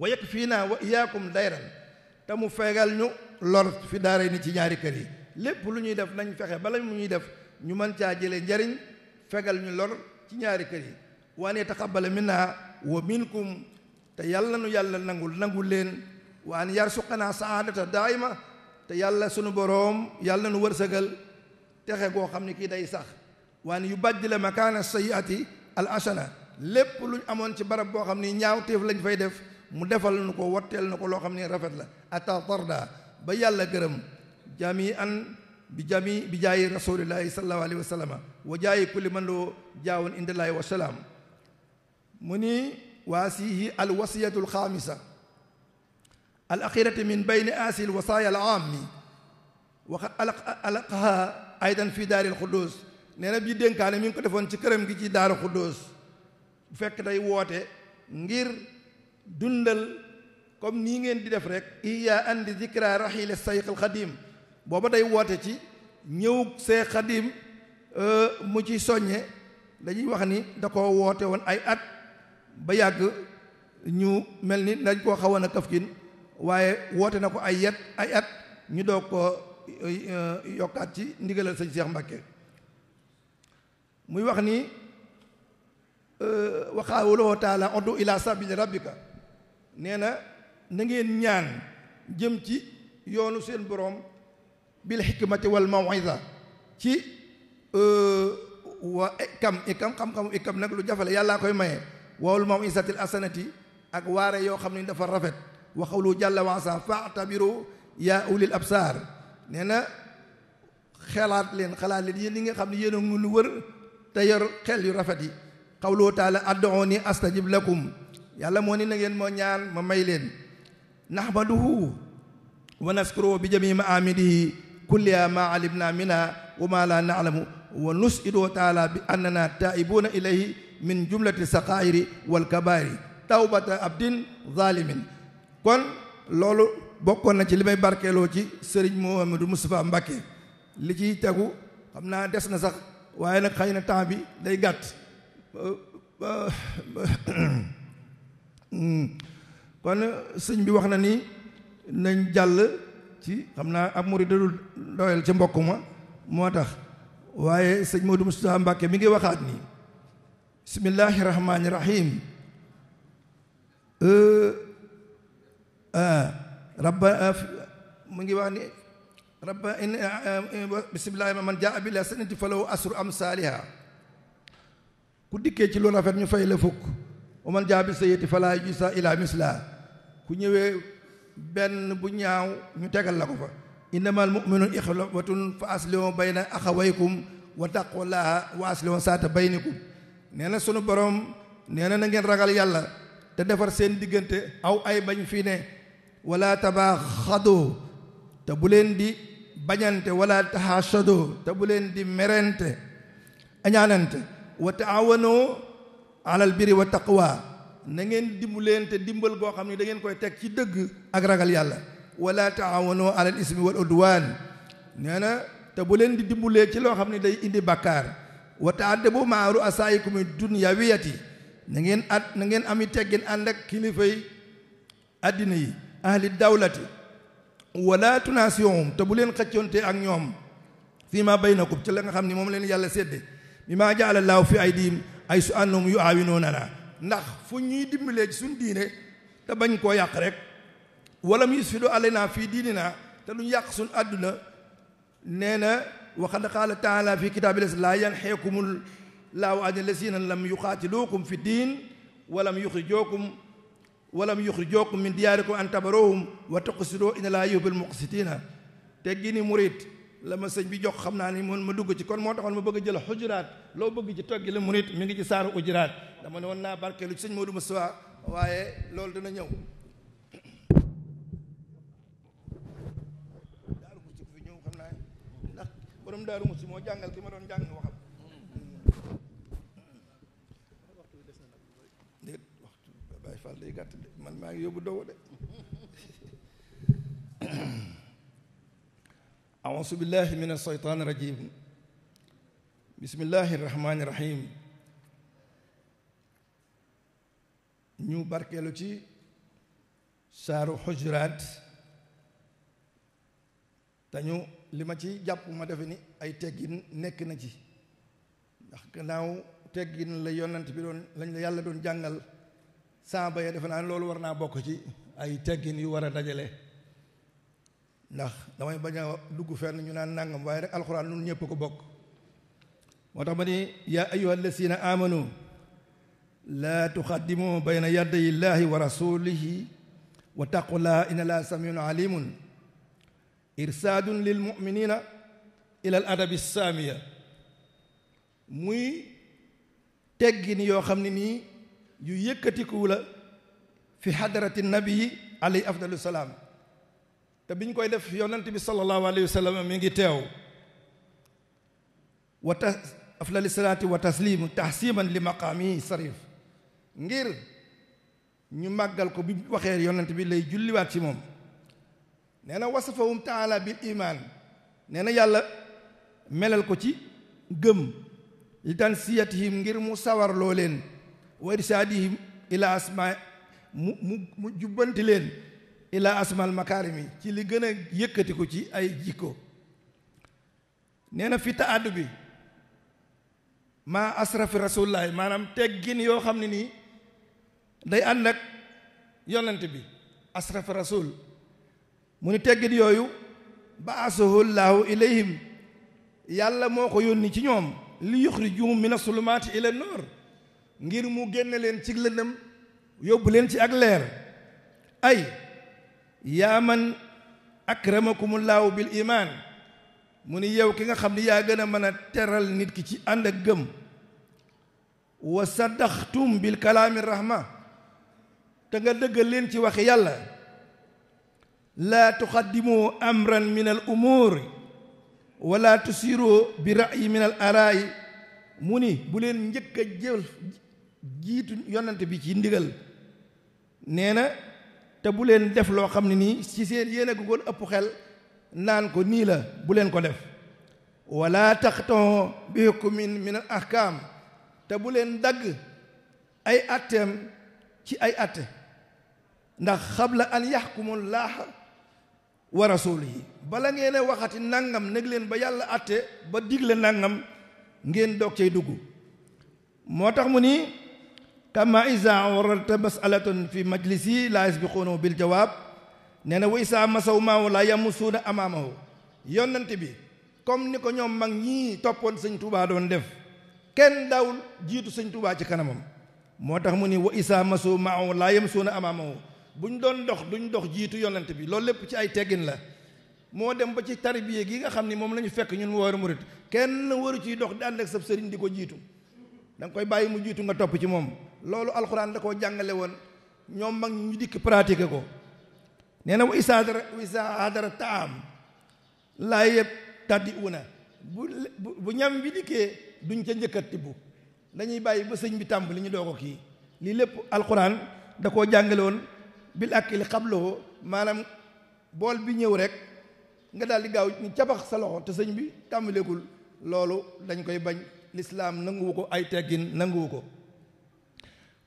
wa yëg fii naa wa iyaakum dayran te mu fegal ñu lor fi daara ni ci ñaari kër yi lépp lu ñuy def nañ fexe bala mu ñuy def ñu mën caa jële njariñ fegal ñu lor ci ñaari kër yi waane taqabbal naa wa minkum te yàlla nu yàlla nangul nangul leen waan yar suqanaa saadata ma te yàlla sunu boroom yàlla nu wërsëgal texe goo xam ne kii day sax waane yu baddila makaana sayiati al asana lépp lu ñu amoon ci barab boo xam ni ñaaw téef lañ fay def mu defal nu ko wotteel na ko loo xam ne rafet la ata tarda ba yàlla gërëm jami'an bi jami bi jaayi rasulillahi sallallahu alayhi wa sallama wa jaayi kulli man loo jaawoon indallahi wa salaam mu ni waasihi al wasiyatu al xaamisa al axirati min bayni aasi al wasaaya al aami wa aydan fi daari al nee na bi dénkaane mi ngi ko defoon ci këram gi ci daaru xudduus bu fekk day woote ngir dundal comme nii ngeen di def rek iya andi zikra rahil sayq al booba day woote ci ñëw see xadim euh, mu ci soññe dañuy wax ni da ko woote woon ay at ba yàgg ñu mel ni dañ koo xawoon a kafkin waaye woote na ko ay yet ay at ñu doog ko euh, yokkaat ci ndigalal sa Cheikh Mbacke muy wax ni euh, wax taala oddu ila sabili rabbika nee na na ngeen ñaan jëm ci yoonu seen boroom bil xikmati wal mawida ci euh, wa ikam ikam xam-xam ikam nag lu jafale yàllaa koy maye wawul mawisatil asanati ak waare yoo xam ne dafa rafet waxawlu jàlla wansa faatabiru yaa ulil absaar nee na xelaat leen xalaat leen yéen ñi nga xam ne yéen a ngi lu wër te yor xel yu rafet yi xawlu taala ad'uuni astajib lakum yàlla moo ni na ngeen moo ñaan ma may leen nahmaduhu wa naskuru bi jami maamidihi kulliha ma alimna minha wa ma la na'lamu wa nus'idu ta'ala bi min jumlati saqairi wal kabairi tawbata abdin zalimin kon loolu bokkoon na ci li may barkeeloo ci Serigne Mouhamadou Moustapha Mbacké li ciy tegu xam naa des na sax waaye nag xëy na temps bi day gàtt kon sëñ bi wax na ni nañ jàll ci xam naa ab murid dadul doyal ci mbokk ma moo tax waaye sëñ Modou Moustapha Mbacke mi ngi waxaat ni bismillahi rahmaani rahim ah, rabba ah, mu ngi wax ni rabba in ah, ma man jaa bil hasanati falahu asru am saaliha ku dikkee ci lu rafet ñu fay la fukk wa man jaa bi sayyati falaa yujzaa ila misla ku ñëwee benn bu ñaaw ñu tegal la ko fa innamal mu'minuun ixwatun fa aslihu bayna axawaykum wa taqwallaha wa aslihu saata baynikum nee na sunu borom nee na na ngeen ragal yàlla te defar seen diggante aw ay bañ fii ne wala tabaaxadoo te bu leen di bañante wala taxaashadoo te bu leen di merente añaanante wa taawanoo alal biri wa taqwa na ngeen te dimbal goo xam ne dangeen koy teg ci dëgg ak ragal yàlla wala taawanoo alal ismi wal udwaan nee na te bu leen di dimbulee ci loo xam ne day indi bàkkaar wa taaddabu maa ru'asaa'ikum dunyawiyati na ngeen na ngeen ami teggin ànd ak kilifay addina yi ahli dawlati wala tunaasiyum te bu leen xëccoonte ak ñoom fii ma baynakum ci la nga xam ni moom leen yàlla sedd mi maa ja'ala llaahu fi aydihim ay su annum yu aawinoona ndax fu ñuy dimbalee ci suñ diine te bañ koo yàq rek wala mu yusfidu alayna fii diinina te lu ñu yàq suñ àdduna nee na waxad qaala taala fi kitaabillahi laa yanxeekumul laahu ani lazina lam yuqaatiluukum fi diin walam yuxrijookum walam yuxrijookum min diyaarikum an tabaroohum wa tuqsidoo inna laa yuhibbul muqsitina te gini murit la ma sëñ bi jox xam naa ni mun ma dugg ci kon moo taxoon ma bëgg a jël xujuraat loo bëgg ci toggi la murit mi ngi ci saaru ujuraat dama ne woon naa barkeelu ci sëñ Modou Moustapha waaye loolu dina ñëw daaru musi xam naa ndax borom daaru musi moo jàngal ki ma doon jàng waxam déet waxtu Baye Fall day gàtt de man maa ngi yóbbu dow de أعوذ بالله من الشيطان الرجيم بسم الله الرحمن الرحيم ñu barkeelu ci saaru xujuraat te ñu li ma ci jàpp ma defe ni ay teggin nekk na ci ndax gannaaw teggin la yonent bi doon lañ la yàlla doon jàngal saaba ya defe naa loolu war naa bokk ci ay teggin yu war a dajale ndax damay bañ a dugg fenn ñu naan nangam waaye rek nun ñëpp ko bokk moo tax ma ne yaa ayuha amanu laa tuqaddimu bayna yaday illahi wa rasulihi wa taqula inna la samiun muy teggin yoo xam ne nii yu yëkkatiku la fi xadarati nabii alayhi afdalu salaam te biñ koy def yonent bi sallallahu alayhi wa sallam mi ngi teew wa ta aflali salaati wa taslim tahsiman li maqaami sarif ngir ñu màggal ko bi waxee yonent bi lay julliwaat ci moom nee na wasafahum taala bil iman nee na yàlla melal ko ci gëm li tan siyatihim ngir mu sawarloo leen wa irsaadihim ila asma mu mu mu jubbanti leen ila asmal makarimi ci li gën yëkkati ko ci ay jikko nee na fi taaddu bi maa asrafi rasulillahi maanaam teggin yoo xam ne nii day ànd ak yonent bi asrafi rasul mu ni teggin yooyu ba llaahu ilayhim yàlla moo ko yónni ci ñoom li yuxrijuhum min asulumaati ila noor ngir mu génne leen ci lëndëm yóbbu leen ci ak leer ay yaa man akramakumullahu bil iman mu ni yow ki nga xam ni yaa gën a mën a teral nit ki ci ànd ak gëm wa saddaxtum bil kalaami rahma te nga dëggal leen ci wax yàlla laa tuqaddimu amran min al umuuri wala tusiru bi ra'yi min al mu ni bu njëkk a jël jiitu yonante bi ci ndigal nee na te bu leen def loo xam ne nii ci seen yéen a gogoon ëpp xel naan ko nii la bu leen ko def wala taqtoo bi hukmin min al ahkam te bu leen dagg ay atteem ci ay atte ndax la an yaxkumu laaha wa rasulihi bala ngeen waxati nangam neg leen ba yàlla atte ba digle nangam ngeen doog cay dugg moo tax mu nii te amma isa waralta masalatun fi majlisi laa yasbiquunahu bil jawaab nee na wa isa masaw maahu laa yamusuuna amaamahu yonante bi comme ni ko ñoom mag ñii toppoon sëñ Tuubaa doon def kenn daawul jiitu sëñ Tuubaa ci kanamam moo tax mu ni wa isa masaw maahu laa yam yamusuuna amaamahu bu ñu doon dox duñ dox jiitu yonante bi loolu lépp ci ay teggin la moo dem ba ci tarbiye gi nga xam ni moom la ñu fekk ñun war murit kenn waru ciy dox di ànd ak sab sëriñ di ko jiitu da koy bàyyi mu jiitu nga topp ci loolu alxuraan da koo jàngale woon ñoom mag ñu dikk pratiquer ko nee na wa isa adara wa isa adara taam laa yëpp tàddi una bu bu ñam bi dikkee duñ ca njëkkat tibb dañuy bàyyi ba sëñ bi li ñu doo ko kii lii lépp alxuraan da koo jàngale woon bil akli xablahu maanaam bool bi ñëw rek nga daal di gaaw ñu cabax sa loxo te sëñ bi tàmbalegul loolu dañ koy bañ lislaam nanguwu ko ay teggin nanguwu ko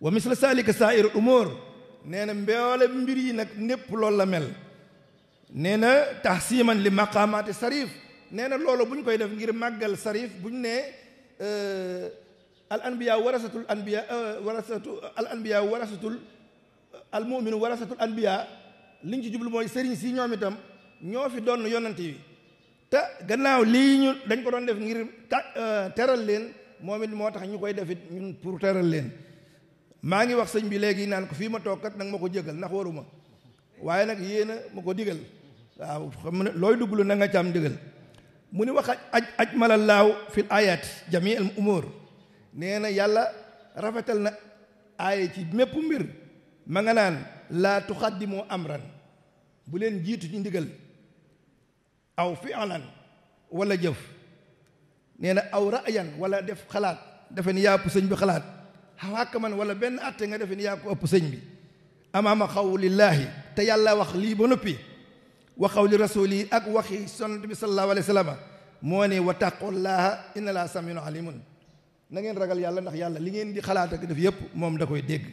wa misla salika saairu umur nee na mboole mbir yi nag népp loolu la mel nee na tahsiman li maqaamaati sarif nee na loolu bu ñu koy def ngir màggal sarif bu ñu nee euh, al anbiya warasatul anbiya euh, warasatu al anbiya warasatul al muminu warasatul anbiya li ñu ci jublu mooy sëriñ si ñoom itam ñoo fi doon yonante yi te gannaaw lii ñu dañ ko doon def ngir ta euh, teral leen moom moo tax ñu koy defit ñun pour teral leen maa ngi wax sëñ bi léegi naan ko fii ma toog kat nag ma ko jëgal ndax waruma waaye nag yéen a ma ko digal waaw looy duglu na nga càam digal mu ni wax aj aj malalaaw fil ayat jami al umur nee yàlla rafetal na aaya ci mépp mbir ma nga naan laa tuxaddimoo amran bu leen jiitu ci ndigal aw fi'lan wala jëf nee na aw ra'yan wala def xalaat dafa ni yàpp sëñ bi xalaat xàkk man wala benn atte nga defe ni yaa ko ëpp sëñ bi amaama xawlillaahi te yàlla wax lii ba noppi wa xawli rasuli ak waxi sonant bi sallallahu alayhi wa sallam moo ne wa taqullaha inna laa samiun alimun na ragal yàlla ndax yàlla li ngeen di xalaat ak def yëpp moom da koy dégg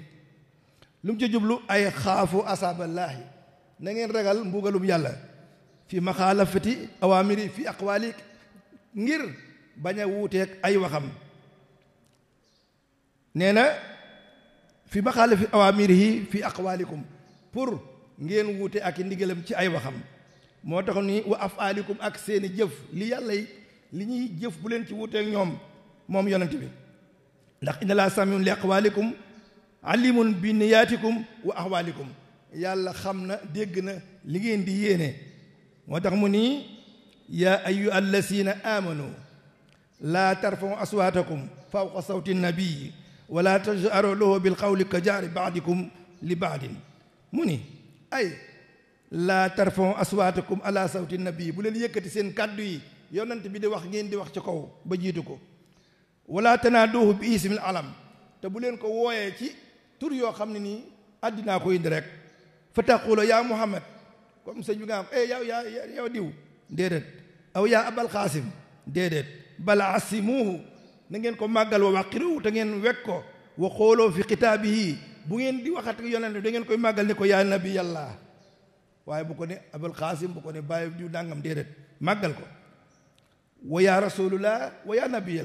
lu mu ci jublu ay xaafu asaaballaahi na ngeen ragal mbugalum yàlla fi maxaalafati awamiri fi aqwaalik ngir bañ a wuuteeg ay waxam nee na fi maxaalifi yi fi aqwaalikum pour ngeen wuute ak ndigalam ci ay waxam moo tax ni wa afaalikum ak seeni jëf li yàlla yi li ñuy jëf bu leen ci wuuteek ñoom moom yonent bi ndax inna laa samiun li aqwaalikum alimun bi niyaatikum wa ahwaalikum yàlla xam na dégg na li ngeen di yéene moo tax mu nii yaa ayu allazina amanu laa tarfau aswaatakum fawqa sawti nabii wala tajharu lahu bil qawli ka jaari baadikum li baadin mu ni ay laa tarfon aswaatakum ala sawti nabii bu leen yëkkati seen kàddu yi yonent bi di wax ngeen di wax ci kaw ba jiitu ko wala tanaaduhu bi ismil alam te bu leen ko wooyee ci tur yoo xam ne nii addinaa ko indi rek fa taqula yaa muhammad comme sëñ bi nga am eh yow diw déedéet aw yaa abal xaasim déedéet bal asimuhu na ngeen ko màggal wa waqiru te ngeen wek ko wa xooloo fi xitaabihi bu ngeen di waxat yonent da ngeen koy màggal ne ko yaa nabi yàlla waaye bu ko ne abul xaasim bu ko ne bàyyi ju dàngam déedéet màggal ko wa yaa rasulullah wa yaa nabi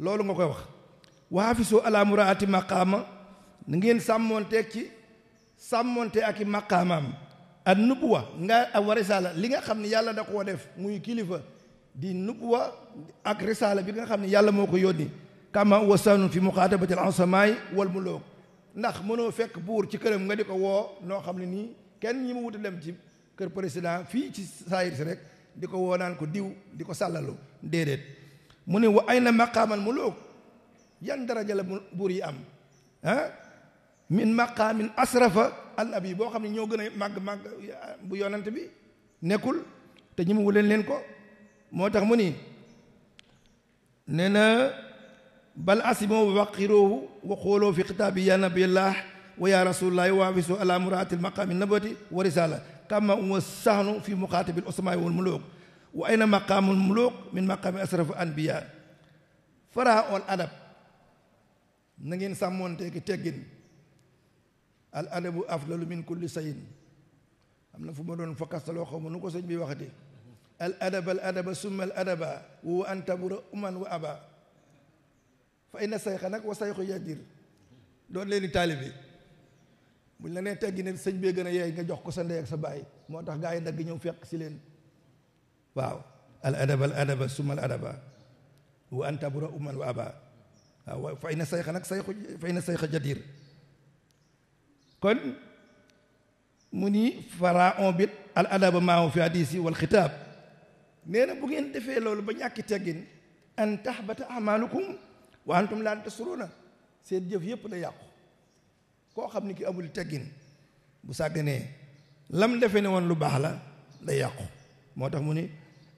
loolu nga koy wax wa hafisu ala muraati maqaama na ngeen sàmmoonteeg ci sàmmoonte ak i maqaamaam an nubuwa nga a warisala li nga xam ne yàlla da koo def muy kilifa di nubuwa ak risaala bi nga xam ne yàlla moo ko yónni kama wasanun fi muqaatabatil ansamaay wal muluk ndax mënoo fekk buur ci këram nga di ko woo noo xam ne nii kenn ñi mu wuta dem ci kër président fii ci saayir si rek di ko woo naan ko diw di ko sàllalu déedéet mu ne wa ayna maqaamal muluk yan daraja la buur yi am ah min maqaamin asrafa al nabi boo xam ne ñoo gën a màgg màgg bu yonent bi nekkul te ñi mu wuleen leen ko moo tax mu ni nee na bal asimo waqiroohu wa xooloo fi xitaabi ya nabilah wa ya rasulullahi waafisu ala muraatil maqaami nabati wa risala kama wa sahnu fi muqaatabil osmaay wal muluuk wa ayna maqaamul muluuk min maqaami asraf anbiya fara ol adab na ngeen sàmmoonteeki teggin al adabu afdalu min kulli sayin am na fu ma doon fakastaloo xaw ma nu ko sëñ bi waxati al adaba al adaba summa al adaba wa an tabura uman wa aba fa inna sayxa nag wa sayxu yadir doon leen di taalibe buñ la nee teggi ne sëñ bee gën a yeey nga jox ko sa ndey ak sa baay moo tax gaa yi dagg ñëw fekk si leen waaw al adaba al adaba summa al adaba wa an tabura uman wa aba fa inna sayxa nag sayxu fa inna sayxa jadir kon mu ni pharaon bit al adaba fi hadisi wal xitaab nee na bu ngeen defee loolu ba ñàkki teggin an tahbata amalukum wa antum laa tasuruuna seen jëf yëpp la yàqu koo xam ni ki amul teggin bu sàgganee lam defe ne woon lu baax la la yàqu moo tax mu ni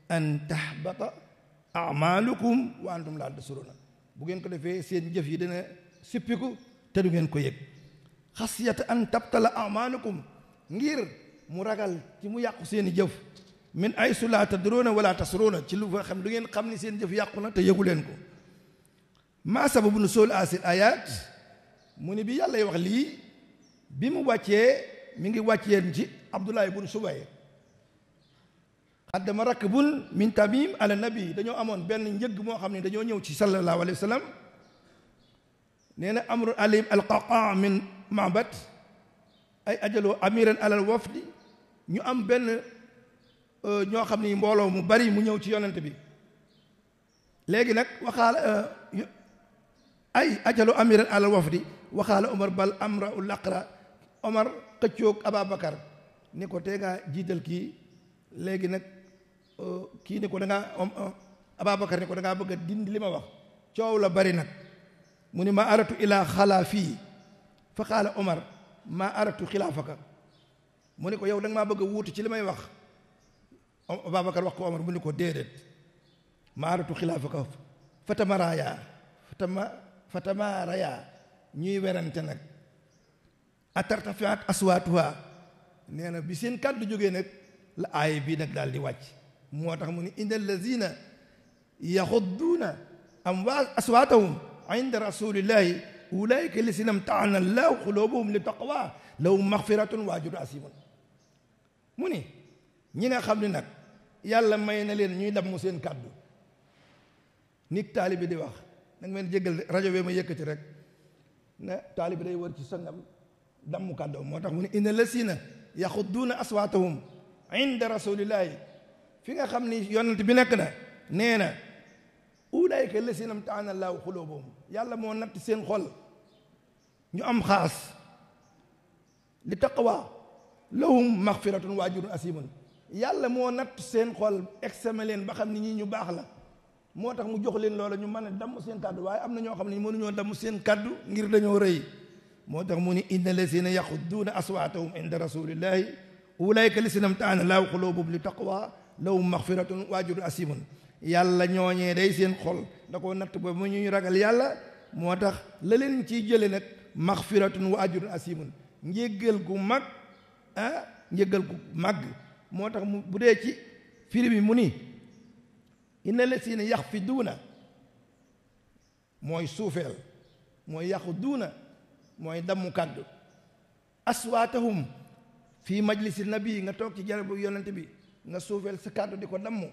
an tahbata amalukum wa antum laa tasuruuna bu ngeen ko defee seen jëf yi dana sippiku te du ngeen ko yëg xasiyata an tabtala amalukum ngir mu ragal ci mu yàqu seeni jëf min ay su laa tadruuna wala ci lu fa xam du ngeen ni seen jëf yàqu na te yëgu leen ko maa sababu nuzuul asil mu ni bi yàlla wax lii bi mu wàccee mi ngi wàcceen ci abdullahi bun subaye addama rakbun min tamim ala nabi dañoo amoon benn njëgg moo xam ne dañoo ñëw ci sallallahu alayhi wa sallam na amru alim alqaqa min mabat ay ajaloo amiran alal wafdi ñu am benn ñoo xam ni mbooloo mu bari mu ñëw ci yonent bi léegi nag waxaala euh, ay ajalu amiran alal wafdi waxaala omar bal amra ul aqra omar xëccoog ababakar ni ko tee jiital kii léegi nag euh, kii ni ko da euh, ababakar ni ko da bëgg a dindi li ma wax coow la bari nag mu ni ma aratu ilaa xalaa fii fa xaala omar ma aratu xilaafaka mu ni ko yow da nga maa bëgg a wuutu ci li may wax Ababacar wax ko Omar mu ne ko déedéet maaratu xilaafa ko fatamaraaya fatama fatamaaraya ñuy werante nag atartafiat aswaatuha nee na bi seen kàddu jógee nag la aaya bii nag daal di wàcc moo tax mu ne inna allazina yaxudduuna amwaat aswaatahum inda rasulillahi ulaika lisina mtaana allahu qulubuhum li taqwa lahum maxfiratun wa asimun mu ni ñi nga xam ne nag yàlla may na leen ñuy dam mu seen kàddu nit taali bi di wax nag mel jéggal rajo bee ma yëkkati rek na taali bi day wër ci sangam damm kàddoom moo tax mu ne inna lasina yaxudduuna aswaatahum inda rasulillahi fi nga xam ni yonent bi nekk na nee na ulaayka lasina mtaana yàlla moo natt seen xol ñu am xaas li taqwa lahum maxfiratun wa ajrun asimun yàlla moo natt seen xol exame leen ba xam ni ñii ñu baax la moo tax mu jox leen loola ñu mën a damm seen kàddu waaye am na ñoo xam ne mënuñoo damm seen kàddu ngir dañoo rëy moo tax mu ni inna lazina yaxudduuna aswaatahum inda rasulillahi ulaayka lisnam taana laaw quluubum li taqwa waa maxfiratun wa ajrun asimun yàlla ñooñee day seen xol da koo natt ba mu ñuy ragal yàlla moo tax la leen ciy jële nag maxfiratun wa ajrun asimun njéggal gu mag ah njéggal gu mag moo tax mu bu dee ci firi bi mu ni inna la si ne yax fi duuna mooy suufeel mooy yaxu duuna mooy damu kàddu aswaatahum fii majlisi nabi nga toog ci jarabu yonant bi nga suufeel sa kàddu di ko damm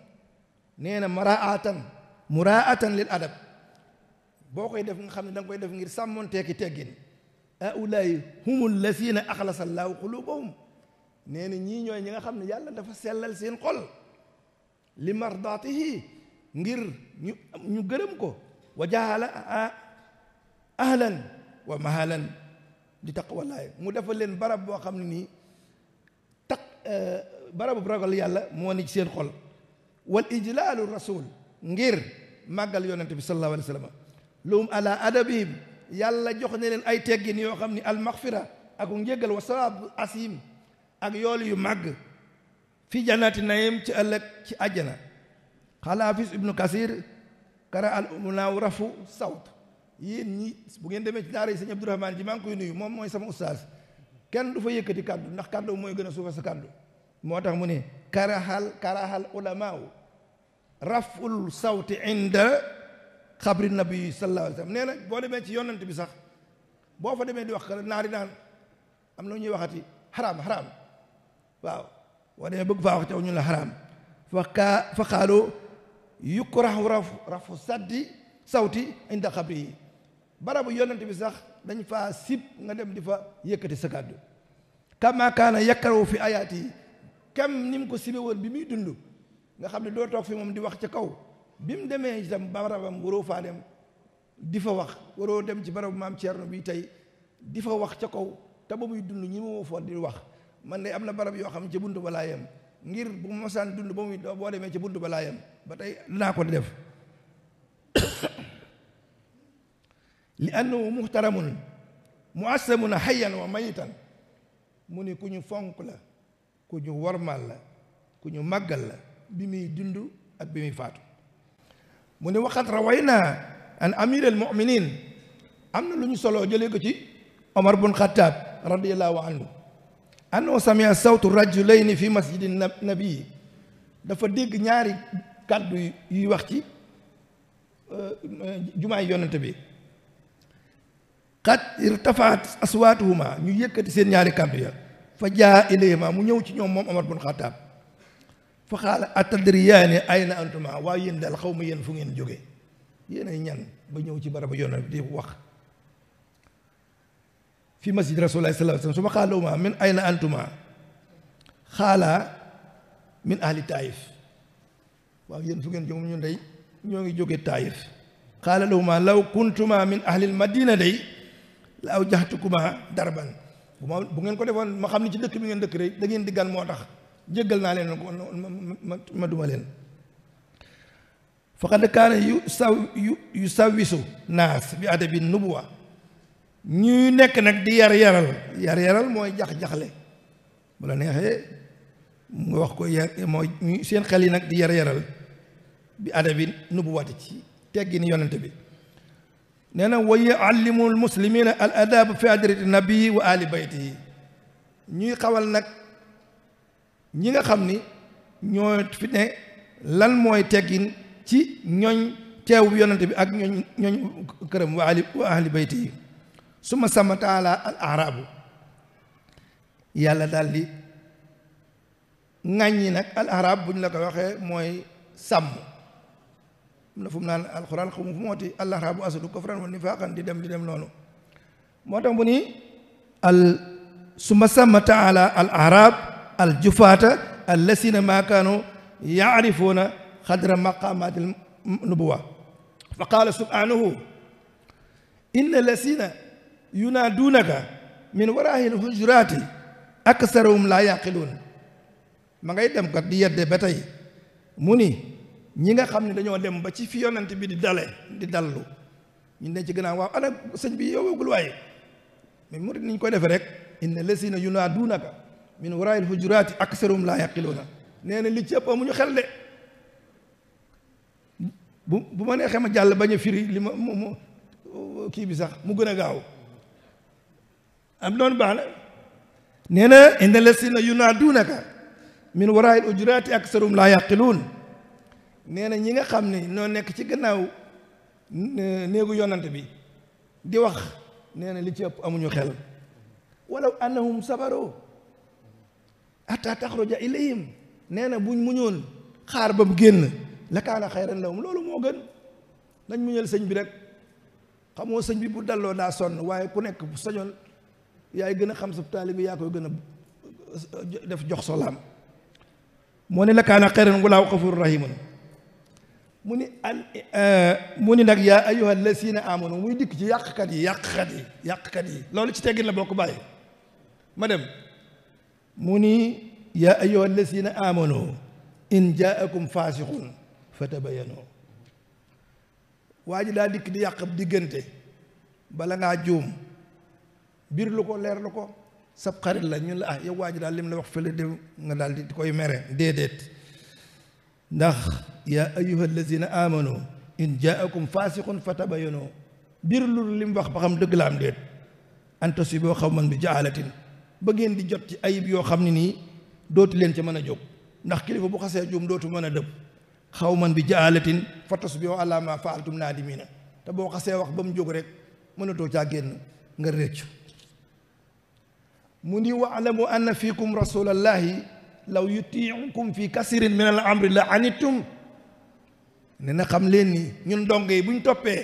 nee na maraatan muraatan lil adab boo koy def nga xam ne danga koy def ngir sàmmoonteeki teggin aulaay humul lazina axlasa llaahu quluubahum nee na ñii ñooy ñi nga xam ne yàlla dafa sellal seen xol li mardaatihi ngir ñu ñu gërëm ko wa jaala ahlan wa mahalan di taqwallaay mu dafa leen barab boo xam ne nii taq e, barabu ragal yàlla moo ni ci seen xol wal ijlaalu rasul ngir màggal yonente bi sallallahu alayhi wa sallam luum ala adabihim yàlla jox ne leen ay teggin yoo xam ni almaghfira ak njéggal wa sawaab asim ak yool yu màgg fi jannati nayim ci ëllëg ci àjjana xaala hafiz ibnu kasir kara al naaw rafu sawt yéen ñi bu ngeen demee ci daara yi sëñ abdourahman ji maa ngi koy nuyu moom mooy sama ustaas kenn du fa yëkkati kàddu ndax kàddu mooy gën a suufa sa kàddu moo tax mu ne karahal karahal ulamaaw raful sawti inda xabri nabi sallallahu alayhi wasallam nee na boo demee ci yonent bi sax boo fa demee di wax naari naan am na ñuy waxati xaraam xaraam waaw boo demee bëgg faa wax caw ñu la xaraam fa kaa fa xaalu yukrahu rafu rafu saddi sawti inda xabri yi barabu yonent bi sax dañ faa sib nga dem di fa yëkkati sa kàddu kama kaana yakrahu fi ayaat yi kam ni mu ko sibe woon bi muy dund nga xam ne doo toog fi moom di wax ca kaw bi mu demee itam barabam waroo faa dem di fa wax waroo dem ci barabu maam Thierno bi tey di fa wax ca kaw te ba muy dund ñi ma woo foon di wax man de am na barab yoo xam ne ca buntu ba laa yem ngir bu ma mosaan dund ba muy boo demee ca buntu ba laa yem ba tey dinaa ko def (coughs) li annahu muhtaramun muassamun hayyan wa mayitan mu ni ku ñu fonk la ku ñu warmal la ku ñu màggal la bi muy dund ak bi muy faatu mu ne waxat rawaynaa an amir al am na lu ñu soloo jëlee ko ci omar bun xataab radiallahu anhu annoo samia sawtu rajulayni fi masjidi nabii dafa dégg ñaari kàddu yuy wax ci euh, jumaay yonent bi xat irtafaat aswaatuhuma ñu yëkkati seen ñaari kàddu ya fa jaa ilayhima mu ñëw ci ñoom moom Omar bun Xattaab fa xaala atadriyaani ayna antuma waaye yéen daal xaw ma yéen fu ngeen jóge yéen ay ñan ba ñëw ci barabu yonent bi di wax fi masjid rasulullahi sallallahu alayhi wasallam suma xaalawuma min ayna antuma xaalaa min ahli taayif waaw yéen fu ngeen jëm ñun day ñoo ngi jóge taayif xaala lahuma law kuntuma min ahlil madina day la aw jaxtukuma darban bu ma bu ngeen ko defoon ma xam ne ci dëkk bi ngeen dëkk rek da ngeen di gan moo tax jéggal naa leen ma duma leen faqad kaana yu saw yu sawisu naas bi adabi nubuwa ñuy nekk nag di yar yaral yar yaral mooy jax-jaxle bu la neexee mu wax ko yar mooy seen xel yi nag di yar yaral bi adabi wat ci teggin yonent bi nee na wa yuallimu almuslimina al adab fi adrati nabii wa ali baytihi ñuy xawal nag ñi nga xam ni ñoo fi ne lan mooy teggin ci ñoñ teew yonent bi ak ñooñ ñooñ këram wa ali wa ahli suma sama taala al arabu yàlla daal di ŋàññi nag al arab la ko waxee mooy sàmm na fu mu naan alquran xamu fu mooti al arabu asadu kufran wa nifaqan di dem di dem noonu moo al suma sama taala al arab al jufaata ma kaanu yaarifuuna xadra maqamaati nubuwa fa qaala subhanahu inna lasina yunaaduunaka min waraa'il hujuraati aksaruhum laa yaqiluun ma ngay dem kat di yedde ba tey mu ni ñi nga xam ne dañoo dem ba ci fi yonent bi di dale di dallu ñu ne ci gannaaw waaw ana sëñ bi yow yogul waaye mais murit niñ koy defe rek inna lazina yunaaduunaka min waraa'il hujuraati aksaruhum laa yaqiluuna nee na li ci ëpp amuñu xel de bu bu ma neexee ma jàll bañ a firi li ma mu kii bi sax mu gën a gaaw am noonu baax na nee na inna lasina yunaaduunaka min waraa'il ujuraati aksarum laa yaqiluun nee na ñi nga xam ne noo nekk ci gannaaw néegu yonante bi di wax nee na li ci ëpp amuñu xel walaw annahum sabaro hatta taxruja ilayhim nee na buñ muñoon xaar ba mu génn la kaana xayran lahum loolu moo gën nañ muñal sëñ bi rek xamoo sëñ bi bu dalloo daa sonn waaye ku nekk bu sañoon yaay gën a xam sab taalibe yaa koy gën a def jox solaam moo ne la kaana xayran walaahu xafuurun rahimun mu ni al eh, mu ni nag yaa ayyuhal amanu muy dikk ci yàqkat yi yàqkat yi yàqkat yi loolu ci teggin la bokk bàyyi ma dem mu ni yaa ayyuhal lazina amanu in jaakum faasixun fatabayanu waa ji daa dikk di yàq diggante bala ngaa juum biir lu ko leer lu ko sab xarit la ñun la ah yow waa ji daal lim la wax fële de nga daal di koy mere déedéet ndax yaa ayyuha allazina amanu in jaakum fasiqun fatabayanu biir lu lim wax ba xam dëgg la am déet anta si boo xaw man bi jaalatin ba ngeen di jot ci ayib yoo xam ne nii dootu leen ca mën a jóg ndax bu xasee juum dootu mën a dëpp xaw man bi jaalatin fatas bi alama faaltum naadimina te boo xasee wax ba mu jóg rek mënatoo caa génn nga réccu mu ni waalamu anna fiikum rasulallahi law yutiukum fi kasirin min al amri la anittum ne na xam leen ni ñun dong yi ñu toppe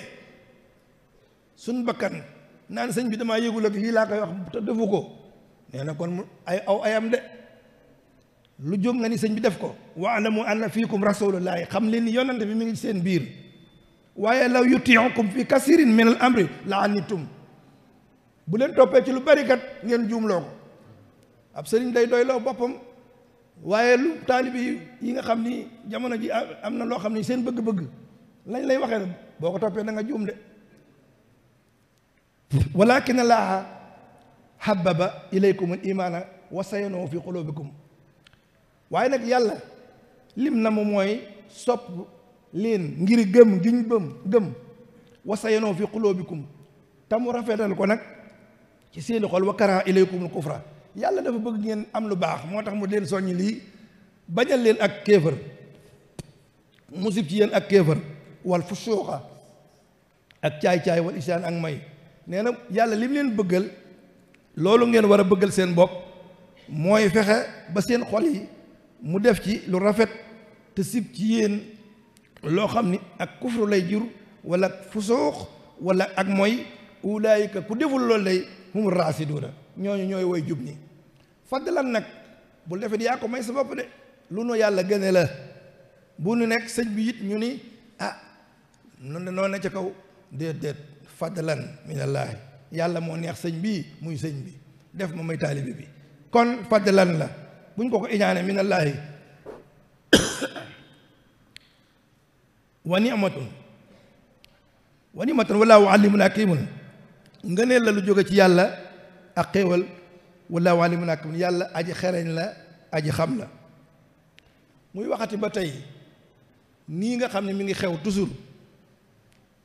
sun bakkan naan sëñ bi damaa yëgul ak lii laa koy wax te defu ko nee na kon ay aw ayam de lu jóg nga ni sëñ bi def ko waalamu anna fiikum rasulullahi xam leen ni yonante bi mi ngi seen biir waaye law yutiukum fi kasirin min al amri la anittum bu leen toppee ci lu bari kat ngeen juumloo ko ab sëriñ day doy boppam waaye lu taalib yi nga xam ni jamono ji am na loo xam ni seen bëgg-bëgg lañ lay waxee rek boo ko toppee da nga juum de walakin laaha hababa ilaykum al imaana wa sayanoo fi qulubikum waaye nag yàlla lim na mu mooy sopp leen ngir gëm giñ bëm gëm wa sayanoo fi qulubikum te mu rafetal ko nag ci seeni xol wa karaha ilaykumul kufra yàlla dafa bëgg ngeen am lu baax moo tax mu leen soññ lii bañal leen ak kéefër musib ci yéen ak kéefër wal fusuuqa ak caay-caay wal isaan ak may nee na yàlla li mu leen bëggal loolu ngeen war a bëggal seen bopp mooy fexe ba seen xol yi mu def ci lu rafet te sib ci yéen loo xam ni ak kufru lay jur wala fusuuq wala ak moy ulaayika ku deful loolu lay humur raasiduuna ñooñu ñooy woy jub ñi fadlan nag bu defee di yaa ko may sa bopp de lu nu yàlla gëne la bu nu nekk sëñ bi it ñu ni ah noonu noonu ne ca kaw déet déet yàlla moo neex sëñ bi muy sëñ bi def ma may taalibe bi kon fadlan la bu ñu ko ko iñaane minallaahi (coughs) wa nimatun wa nimatun wallaahu alimun hakimun ngëneel la lu jóge ci yàlla ak xéewal wallaahu alimun hakim yàlla aji xereñ la aji xam la muy waxati ba tey nii nga xam ne mi ngi xew toujours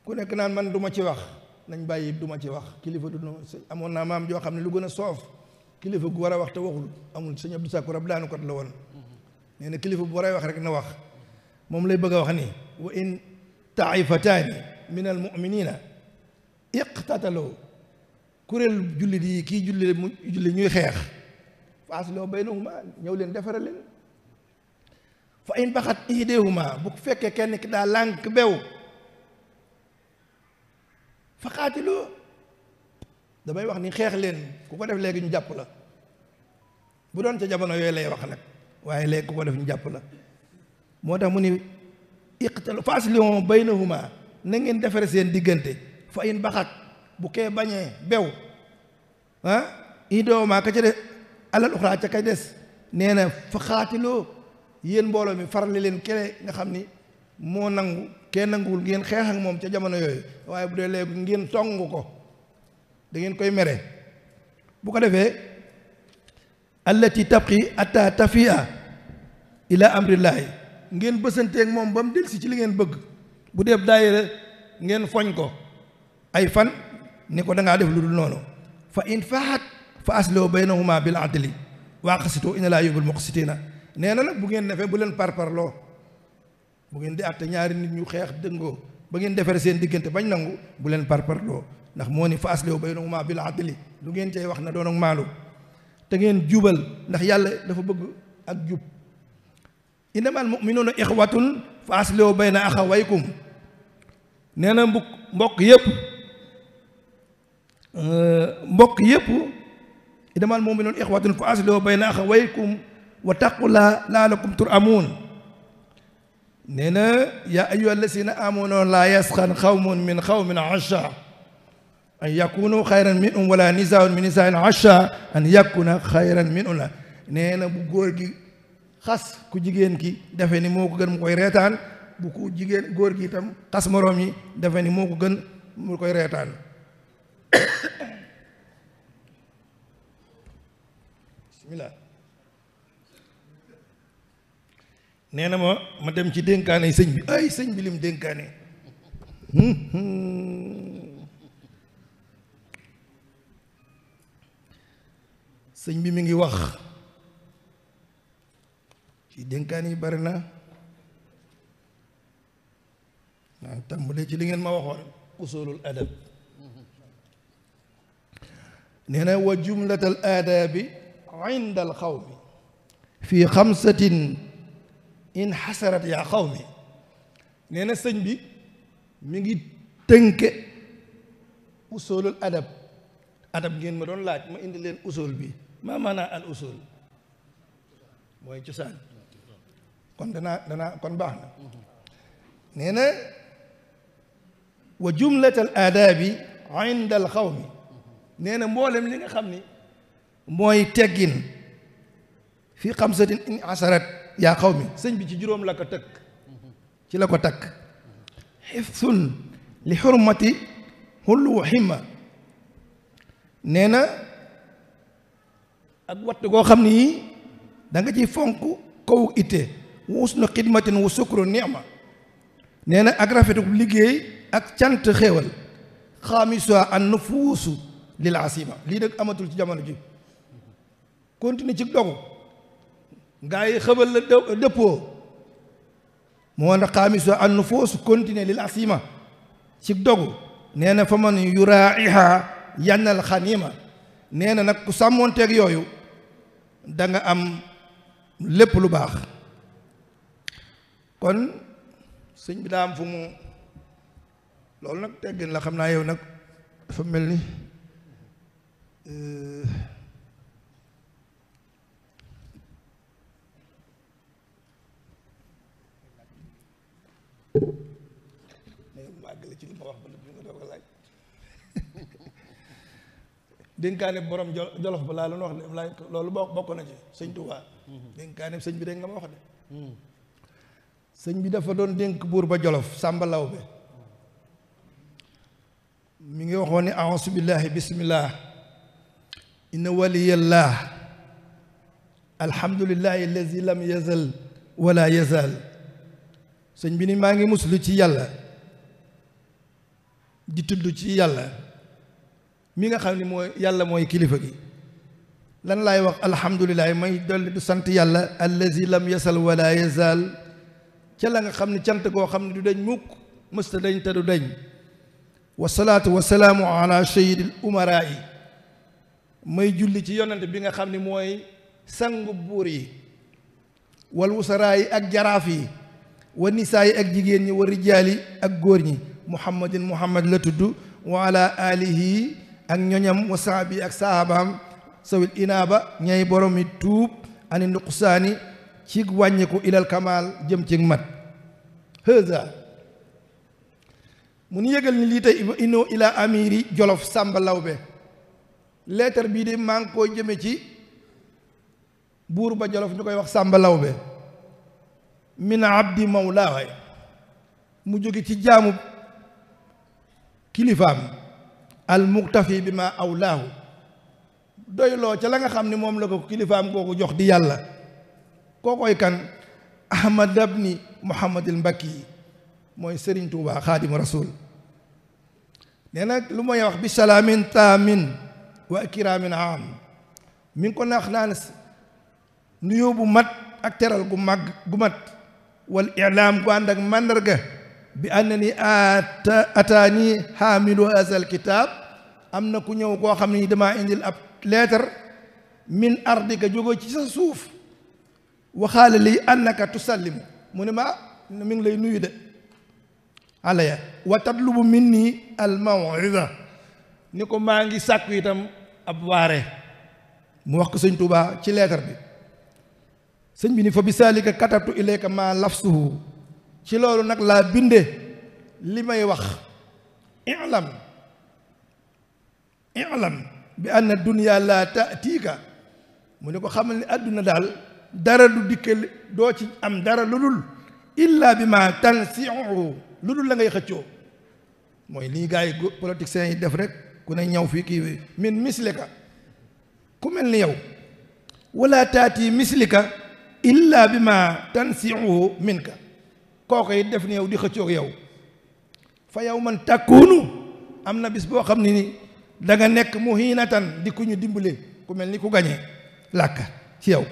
ku nekk naan man duma ci wax nañ bàyyi duma ci wax kilifa du amoon naa maam joo xam ne lu gën a soof kilifa gu war a wax te waxul amul sëñ Abdou Sakkour ab daanu kot la woon nee na kilifa bu war a wax rek na wax moom lay bëgg a wax ni wa in taifataani min al muminina iqtatalo kuréel jullit yi kii julli mu julli ñuy xeex fa asloo baynahuma ñëw leen defaral leen fa in baxat ihdeehuma fekkee kenn ki lànk bew fa damay wax ni xeex leen ku ko def léegi ñu jàpp la bu doon ca jamono yooyu lay wax nag waaye léegi ku ko def ñu jàpp la moo tax mu ni iqtal fa asloo baynahuma na ngeen defare seen diggante fa in baxat bu kee bañee bew ah idoo maa ka ca des alal uxraa ca ka des nee fa xaatiloo yéen mbooloo mi farale leen kele nga xam ni moo nangu kee nanguwul ngeen xeexak moom ca jamono yooyu waaye bu dee léegi ngeen tong ko dangeen koy mere bu ko defee allati tabqi atta tafia ila amrillahi ngeen bësanteeg moom ba mu delsi ci li ngeen bëgg bu dee daayira ngeen foñ ko ay fan ni ko dangaa def lu dul noonu fa in fahat fa asloo baynahuma bil adli waa qasitu inna laa yuhibbul muqsitina nee na nag bu ngeen defee bu leen parparloo bu ngeen di àtte ñaari nit ñu xeex dëngoo ba ngeen defaree seen diggante bañ nangu bu leen parparloo ndax moo ni fa asloo baynahuma bil adli lu ngeen cay wax na doon ak maalu te ngeen jubal ndax yàlla dafa bëgg ak jub innamal mu'minuuna ixwatun fa asloo bayna axawaykum nee na mbokk yépp Euh, mbokk yëpp innamal mu'minuuna ixwatun fa aslihu bayna axawaykum wa taqullaaha laalakum turhamuun nee na yaa ayyuha llazina aamanu laa yasxar qawmun min qawmin ashaa an yakunu xayran minhum wala nisaa'un min nisaa'in ashaa an yakuna xayran minhunna nee na bu góor gi xas ku jigéen ki defe ni moo ko gën mu koy reetaan bu ku jigéen góor gi tam xas moroom yi defe ni moo ko gën mu koy reetaan bismillah nee na ma ma dem ci dénkaane sëñ bi ay sëñ bi lim dénkaane hmm, hmm. sëñ bi mi ngi wax ci dénkaan yi bari na naa tàmbalee ci li ngeen ma waxoon usulul adab nee na wa jumlatal aadaabi inda al xawmi fii xamsatin in xasarat yaa xawmi nee na sëñ bi mi ngi tënke usulul adab adab ngeen ma doon laaj ma indi leen usul bi ma maanaa al usul mooy cosaan kon danaa danaa kon baax na nee na wa jumlatal aadaabi inda al nee na mboolem li nga xam ni mooy teggin fii xamsatin in asarat yaa xaw mi sëñ bi ci juróom la ko tëkk ci la ko takk xifsun li xurmati xullu wa ximma nee na ak wattu koo xam ni da nga ciy fonk kaw itte wuus na xidmatin wu sukru nima nee na ak rafetuk liggéey ak cant xéewal xaamisuwa an nufuusu lil asiba lii nag amatul ci jamono ji continue ci dogu gaa yi xëbal la dëppoo moo na xaamisu an nufuus continue lil asima ci dogu nee na fa man yuraiha yannal xaniima nee na nag ku sàmmoonteeg yooyu danga am lépp lu baax kon sëñ bi daa fu mu loolu nag teggin la xam naa yow nag dafa mel ni Euh... dénkaane borom jolof ba laa loolu wax laa loolu bokk na ci sëñ Tuubaa dénkaane sëñ bi rek nga ma sëñ bi dafa doon dénk buur ba jolof Sàmba Lawbe mi ngi waxoo ne auzu billaahi bismillaah inna waliyallah alhamdulillahi allazi lam yazal wala yazal sëñ bi maa ngi muslu ci yàlla di tudd ci yàlla mi nga xam ni mooy yàlla mooy kilifa gi lan lay wax alhamdulilah may dolli du sant yàlla allazi lam yasal wala yazal ca la nga xam ne cant koo xam ne du dañ mukk mësta dañ te du dañ wasalaatu wasalaamu ala sayidil umaraa yi may julli ci yonent bi nga xam ni mooy sangu buur yi wal wusaraa ak jaraaf yi wa nisaa ak jigéen ñi wa rijaal ak góor ñi muhammadin muhammad la tudd wa ala alihi ak ñoñam wa saabi ak saabaam sawil inaaba ñay borom yi tuub ani nuqsaani ci wàññiku ilal kamaal jëm ci mat hëza mun yëgal ni lii tey ino ila amiri jolof sàmba lawbe leetar bii de maa ngi koo jëme ci buur ba jolof ñu koy wax Sàmba Lawbe min abdi mawlaaye mu jóge ci jaamu kilifaam al muktafi bi ma awlaahu doyloo ca la nga xam ne moom la ko kilifaam kooku jox di yàlla kookoy kan ahmad abni muhammadil mbakki mooy sëriñ tuubaa xaadimu rasuul nee nag lu may wax bi salaamin taamin wa kiraamin aam mi ko naax naan nuyoo bu mat ak teral gu màgg gu mat wal ilaam gu ànd ak màndarga bi ànd ni ata ataani haamilu azal kitaab am na ku ñëw koo xam ni damaa indil ab leetar min ardika jóge ci sa suuf waxaale lii annaka tusallimu mu ne ma ah lay nuyu de alaya wa tatlubu minni al mawida ni ko maa ngi sàkku itam ab waare mu wax ko sëñ Tuubaa ci leetar bi sëñ bi ni fa bi saalika katabtu ilayka ma lafsuhu ci loolu nag laa binde li may wax i'lam i'lam bi anna dunya la taatiika mu ne ko xamal ni àdduna daal dara du dikkal doo ci am dara lu dul illa bi ma tansiu lu dul la ngay xëccoo mooy lii gars yi politiciens yi def rek ku ne ñaw fii kii min mislika ku mel ni yow wala taati mislika illa bi ma tansiuhu minka kooku it def ni yow di xëccoog yow fa yow man tàkkuunu am na bis boo xam ne ni danga nekk muhinatan di ku ñu dimbale ku mel ni ku gañee làkk ci yow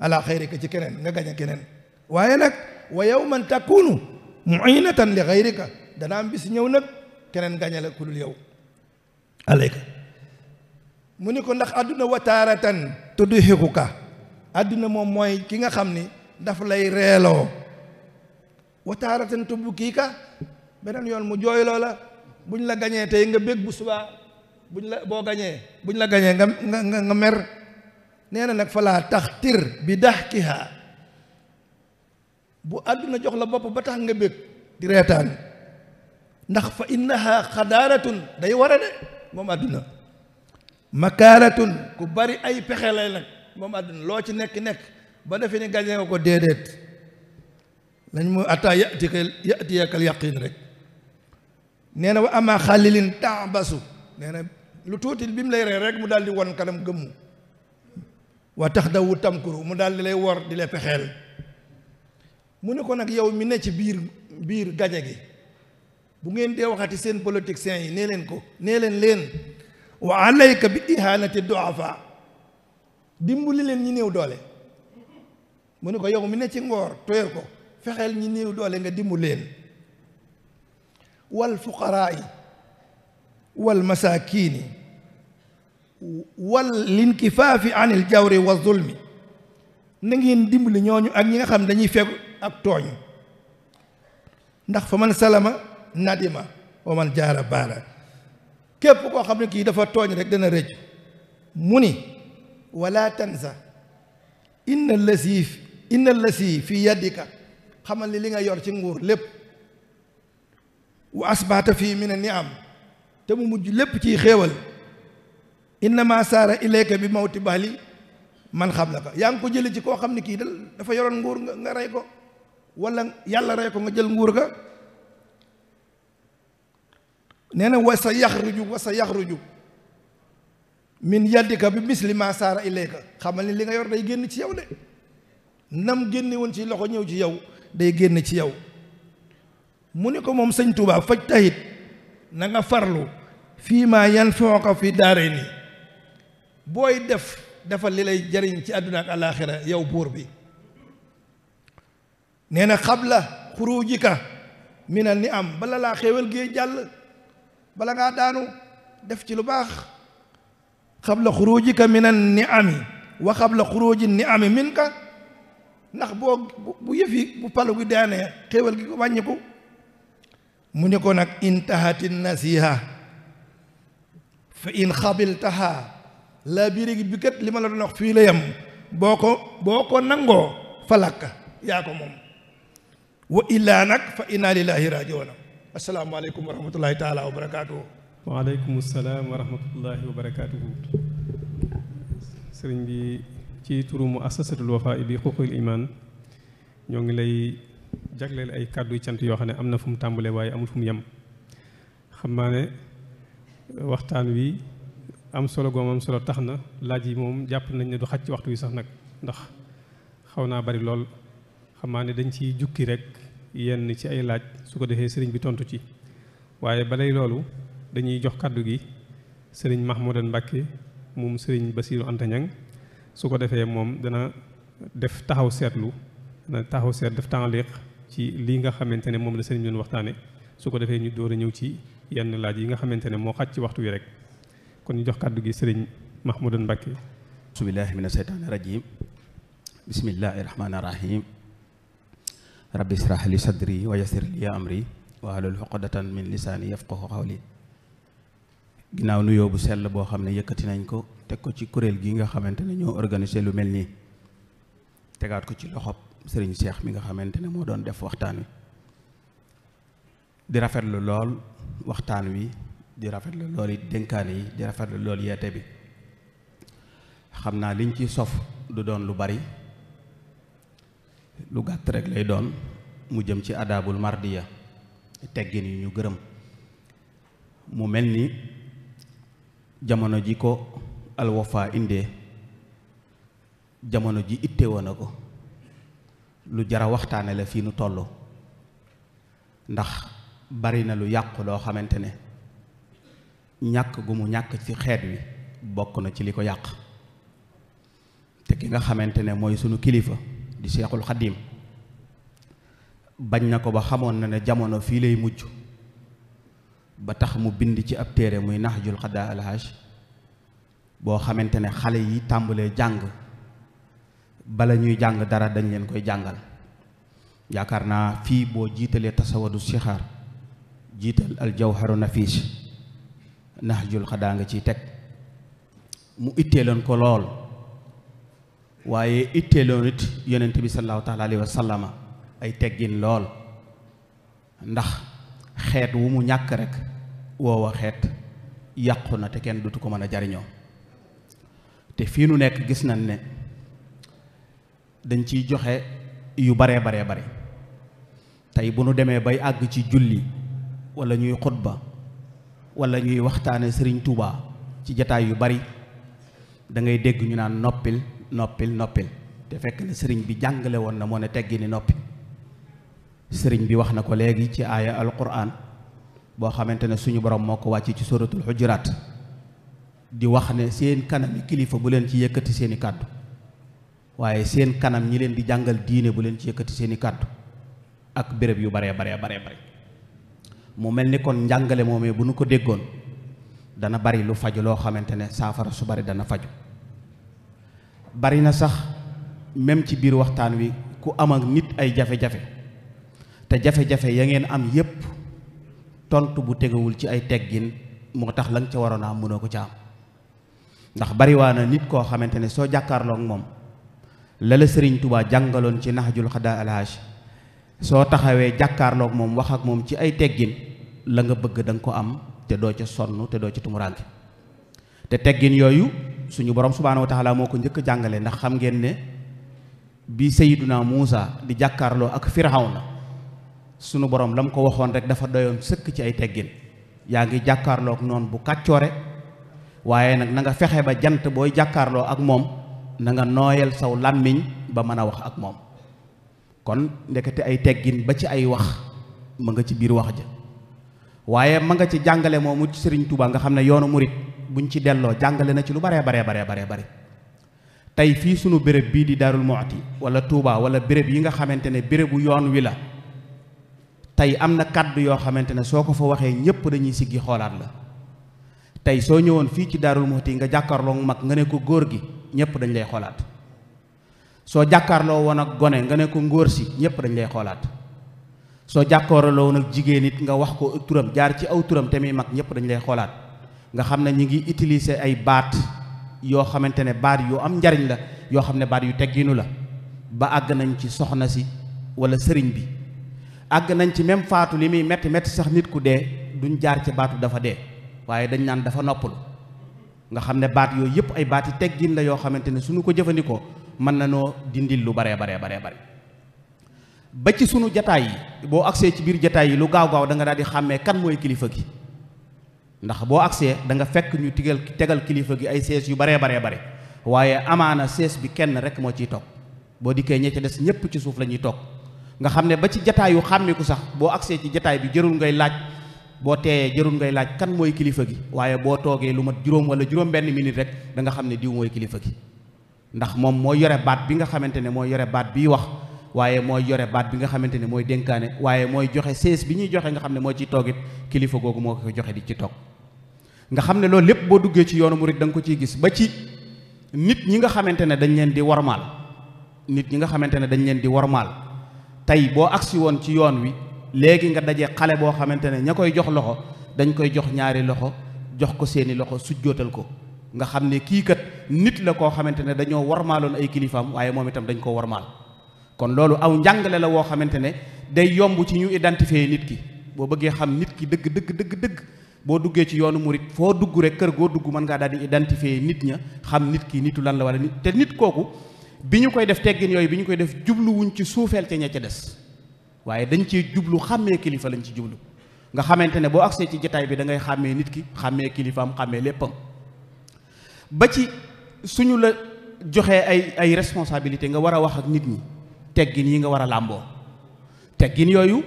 ala xayrika ci keneen nga gañe keneen waaye nag wa yow man tàkkuunu muhinatan li xayrika dana am bis ñëw nag keneen gañe la ku dul yow alayka mu ni ko ndax àdduna wataaratan tudhikuka àdduna moom mooy ki nga xam ni dafa lay reeloo wataaratan tubkiika beneen yoon mu jooyloo la buñ la gañee tey nga bég bu subaa buñ la boo gañee buñ la gañee nga nga nga mer nee na nag falaa tax tir bi daxkiha bu àdduna jox la bopp ba tax nga bég di reetaan ndax fa innaha xadaaratun day war a de moom àdduna makaaratun ku bari ay pexe lay nag moom àddina loo ci nekk nekk ba defe ni gañe nga ko déedéet lañ mu attaa yatika yatiyakal yaqin rek nee na wa ama xalilin taabasu nee na lu tuuti bi mu lay ree rek mu daal di won kanam gëmmu waa tax dawu tamkuru mu daal di lay wor di lay pexeel mu ne ko nag yow mi ne ci biir biir gañe gi bu ngeen dee waxati seen politiciens yi nee leen ko nee leen leen wa alayka bi ihanati duafa dimbali leen ñi néew doole mu ne ko yow mi ne ci ngoor toyal ko fexeel ñi néew doole nga dimbali leen wal fuqaraa yi wal masaakiini wal linkifaafi an il jawri wa zulmi na ngeen dimbali ñooñu ak ñi nga xam dañuy fekk ak tooñ ndax fa man salama nadima wa man jaara baala képp koo xam ne kii dafa tooñ rek dana rëcc mu ni wala tansa inna lasi inna lasi fi yadika xamal ni li nga yor ci nguur lépp wa asbaata fii min ni am te mu mujj lépp ciy xéewal innama saara ilayka bi mawti bali man xam la ko yaa ngi ko jële ci koo xam ne kii dafa yoroon nguur nga rey ko wala yàlla rey ko nga jël nguur ga nee na wa sa yaxruju wa sa yaxruju min yaddika bi misli ma saara ilayka xamal ni li nga yor day génn ci yow de nam génne woon ci loxo ñëw ci yow day génn ci yow mu ni ko moom sëñ Tuubaa faj tahit na nga farlu fii maa yan fooka fi daaree booy def defal li lay jariñ ci àdduna ak alaaxira yow buur bi nee na xabla xuruujika mina ni am bala laa xéewal gee jàll bala ngaa daanu def ci lu baax xabla xurujika mina an niami wa xabla xuruji niami min ndax boo bu yëfi bu palu gi daanee gi ko wàññiku mu ne ko nag intahati nasiha fa in xabiltaha laa biiri gi bi kat li ma la doon wax fii la yem boo ko boo ko nangoo falakka yaa ko moom wa illaa nag fa inna lillahi rajiuna asalaamaaleykum wa rahmatullahi taala wa barakaatu.
waaleykum salaam wa sëriñ bi ci turu mu asasatul wafa bi xuquqil iman ñoo ngi lay jagleel ay kàdduy cant yoo xam ne am na fu mu tàmbalee waaye amul fu mu yem xam naa ne waxtaan wi am solo goom solo tax na laaj yi moom jàpp nañ ne du xaj ci waxtu wi sax nag ndax xaw naa bari lool xam naa ne dañ ciy jukki rek yenn ci ay laaj su ko defee sëriñ bi tontu ci waaye balay loolu dañuy jox kàddu gi sëriñ Mahmoudan Mbacke moom sëriñ Bassirou Anta Niang su ko defee moom dana def taxaw seetlu dana taxaw seet def taaliq ci lii nga xamante ne moom la sëriñ doon waxtaane su ko defee ñu door a ñëw ci yenn laaj yi nga xamante ne moo xaj ci waxtu wi rek kon ñu jox kàddu gi sëriñ Mahmoudan Mbacke. auzu billaahi mina sheytaani rajiim bismillaahi rahmaani rahiim rabbi
israh li sadri wa yassir li amri wa halul uqdatan min lisaani yafqahu qawli ginnaaw nuyoo bu sell boo xam ne yëkkati nañ ko teg ko ci kuréel gi nga xamante ne ñoo organisé lu mel nii tegaat ko ci loxob sëriñ Cheikh mi nga xamante ne moo doon def waxtaan wi di rafetlu lool waxtaan wi di rafetlu lool it dénkaan yi di rafetlu lool yeete bi xam naa liñ ci sof du doon lu bari lu gàtt rek lay doon mu jëm ci adaabul mardiya teggin yu ñu gërëm mu mel ni jamono ji ko alwafa indee jamono ji ittewoon ko lu jara waxtaane la fii nu toll ndax bari na lu yàq loo xamante ne ñàkk gu mu ñàkk ci xeet wi bokk na ci li ko yàq te ki nga xamante ne mooy sunu kilifa di seexul xaddiim bañ na ko ba xamoon na ne jamono fii lay mujj ba tax mu bind ci ab téere muy naxjul xaddaa alxaaj boo xamante ne xale yi tàmbalee jàng bala ñuy jàng dara dañ leen koy jàngal yaakaar naa fii boo jiitalee tasawadu sixaar jiital aljawharu nafiis naxjul xaddaa nga ciy teg mu itteeloon ko lool waaye itteeloon it yonent bi sallallahu taala alayhi ay teggin lool ndax xeet wu mu ñàkk rek woowa xeet yàqu na te kenn dutu ko mën a jariñoo te fii nu nekk gis nañ ne dañ ciy joxe yu baree baree bare tey bu nu demee bay àgg ci julli walla ñuy xutba wala ñuy waxtaane sëriñ Tuubaa ci jataay yu bari dangay dégg ñu naan noppil noppil noppil te fekk na sëriñ bi jàngale woon na moo ne teggi ni noppi sëriñ bi wax na ko léegi ci aaya alquran boo xamante ne suñu borom moo ko wàcc ci suratul xujuraat di wax ne seen kanami kilifa bu leen ci yëkkati seeni kàddu waaye seen kanam ñi leen di jàngal diine bu leen ci yëkkati seen i kàddu ak béréb yu baree baree baree bare mu mel ni kon njàngale moomee bu nu ko déggoon dana bari lu faju loo xamante ne saafara su bari dana faju bari na sax même ci biir waxtaan wi ku am ak nit ay jafe-jafe te jafe-jafe ya ngeen am yépp tontu bu tegewul ci ay teggin moo tax la nga ca waroon a am mënoo ko ca am ndax bariwaa na nit koo xamante ne soo jàkkaarloog moom la sëriñ tubaa jàngaloon ci naxjul xadaa alhaaj soo taxawee jàkkaarloog moom wax ak moom ci ay teggin la nga bëgg danga ko am te doo ca sonn te doo ca tumuraanke te teggin yooyu suñu borom subhaanahu wa taala moo ko njëkk a jàngale ndax xam ngeen ne bii bi Sayyiduna Muusa di jàkkaarloo ak Firawna suñu borom la mu ko waxoon rek dafa doyoon sëkk ci ay teggin yaa ngi jàkkaarlook ak noonu bu kàccoore waaye nag na nga fexe ba jant booy jàkkaarloo ak moom na nga nooyal saw làmmiñ ba mën a wax ak moom kon ndekete ay teggin ba ci ay wax ma nga ci biir wax ja waaye ma nga ci jàngale moomu Sëriñ Tuubaa nga xam ne yoonu murit buñ ci delloo jàngale na ci lu baree baree bare baree bare tey fii sunu béréb bii di Darou Mouhty wala Touba wala béréb yi nga xamante ne bérébu yoon wi la tey am na kàddu yoo xamante ne soo ko fa waxee ñépp dañuy siggi xoolaat la tey soo ñëwoon fii ci Darou Mouhty nga jàkkaarloo mag nga ne ko góor gi ñépp dañ lay xoolaat soo jàkkaarloo woon ak gone nga ne ko ngóor si ñépp dañ lay xoolaat soo jàkkaarloo woon ak jigéen it nga wax ko turam jaar ci aw turam te muy mag dañ lay xoolaat nga xam ne ñi ngi utiliser ay baat yoo xamante ne baat yoo am njariñ la yoo xam ne baat yu tegginu la ba àgg nañ ci soxna si wala sëriñ bi àgg nañ ci même faatu li muy metti metti sax nit ku dee duñ jaar ci baatu dafa dee waaye dañ naan dafa noppalu nga xam ne baat yooyu yëpp ay baat yi teggin la yoo xamante ne suñu ko jëfandikoo mën na ñoo dindil lu baree baree baree bare ba ci sunu jataay yi boo agsee ci biir jataay yi lu gaaw gaaw da nga daal di xàmmee kan mooy kilifa gi ndax boo agsee da nga fekk ñu tigal tegal kilifa gi ay sees yu baree baree bare waaye amaana sees bi kenn rek moo ciy toog boo dikkee ñe ca des ñépp ci suuf la ñuy toog nga xam ne ba ci jataayu xàmmiku sax boo agsee ci jataay bi jërul ngay laaj boo teeyee jërul ngay laaj kan mooy kilifa gi waaye boo toogee lu ma juróom wala juróom benn minute rek da nga xam ne diw mooy kilifa gi ndax moom mooy yore baat bi nga xamante ne mooy yore baat biy wax waaye mooy yore baat bi nga xamante ne mooy dénkaane waaye mooy joxe sées bi ñuy joxe nga xam ne moo ciy toogit kilifa googu moo ko joxe di ci toog nga xam ne loolu lépp boo duggee ci yoonu murit da nga ko ciy gis ba ci nit ñi nga xamante ne dañ leen di warmaal nit ñi nga xamante ne dañ leen di warmaal tey boo agsi woon ci yoon wi léegi nga daje xale boo xamante ne ña koy jox loxo dañ koy jox ñaari loxo jox ko seeni loxo sujjootal ko nga xam ne kii kat nit la koo xamante ne dañoo warmaaloon ay kilifaam waaye moom itam dañ ko warmaal kon loolu aw njàngale la woo xamante ne day yomb ci ñu identifier nit ki boo bëggee xam nit ki dëgg dëgg dëgg dëgg boo duggee ci yoonu mu murit foo dugg rek kër goo dugg mën ngaa daal di identifier nit ña xam nit ki nitu lan la wala nit te nit kooku bi ñu koy def teggin yooyu bi ñu koy def jubluwuñ ci suufeel ca ña ca des waaye dañ cee jublu xàmmee kilifa lañ ci jublu nga xamante ne boo agsee ci jataay bi da ngay xàmmee nit ki xàmmee kilifaam xàmmee léppam ba ci suñu la joxee ay ay responsabilité nga war a wax ak nit ñi teggin yi nga war a làmboo teggin yooyu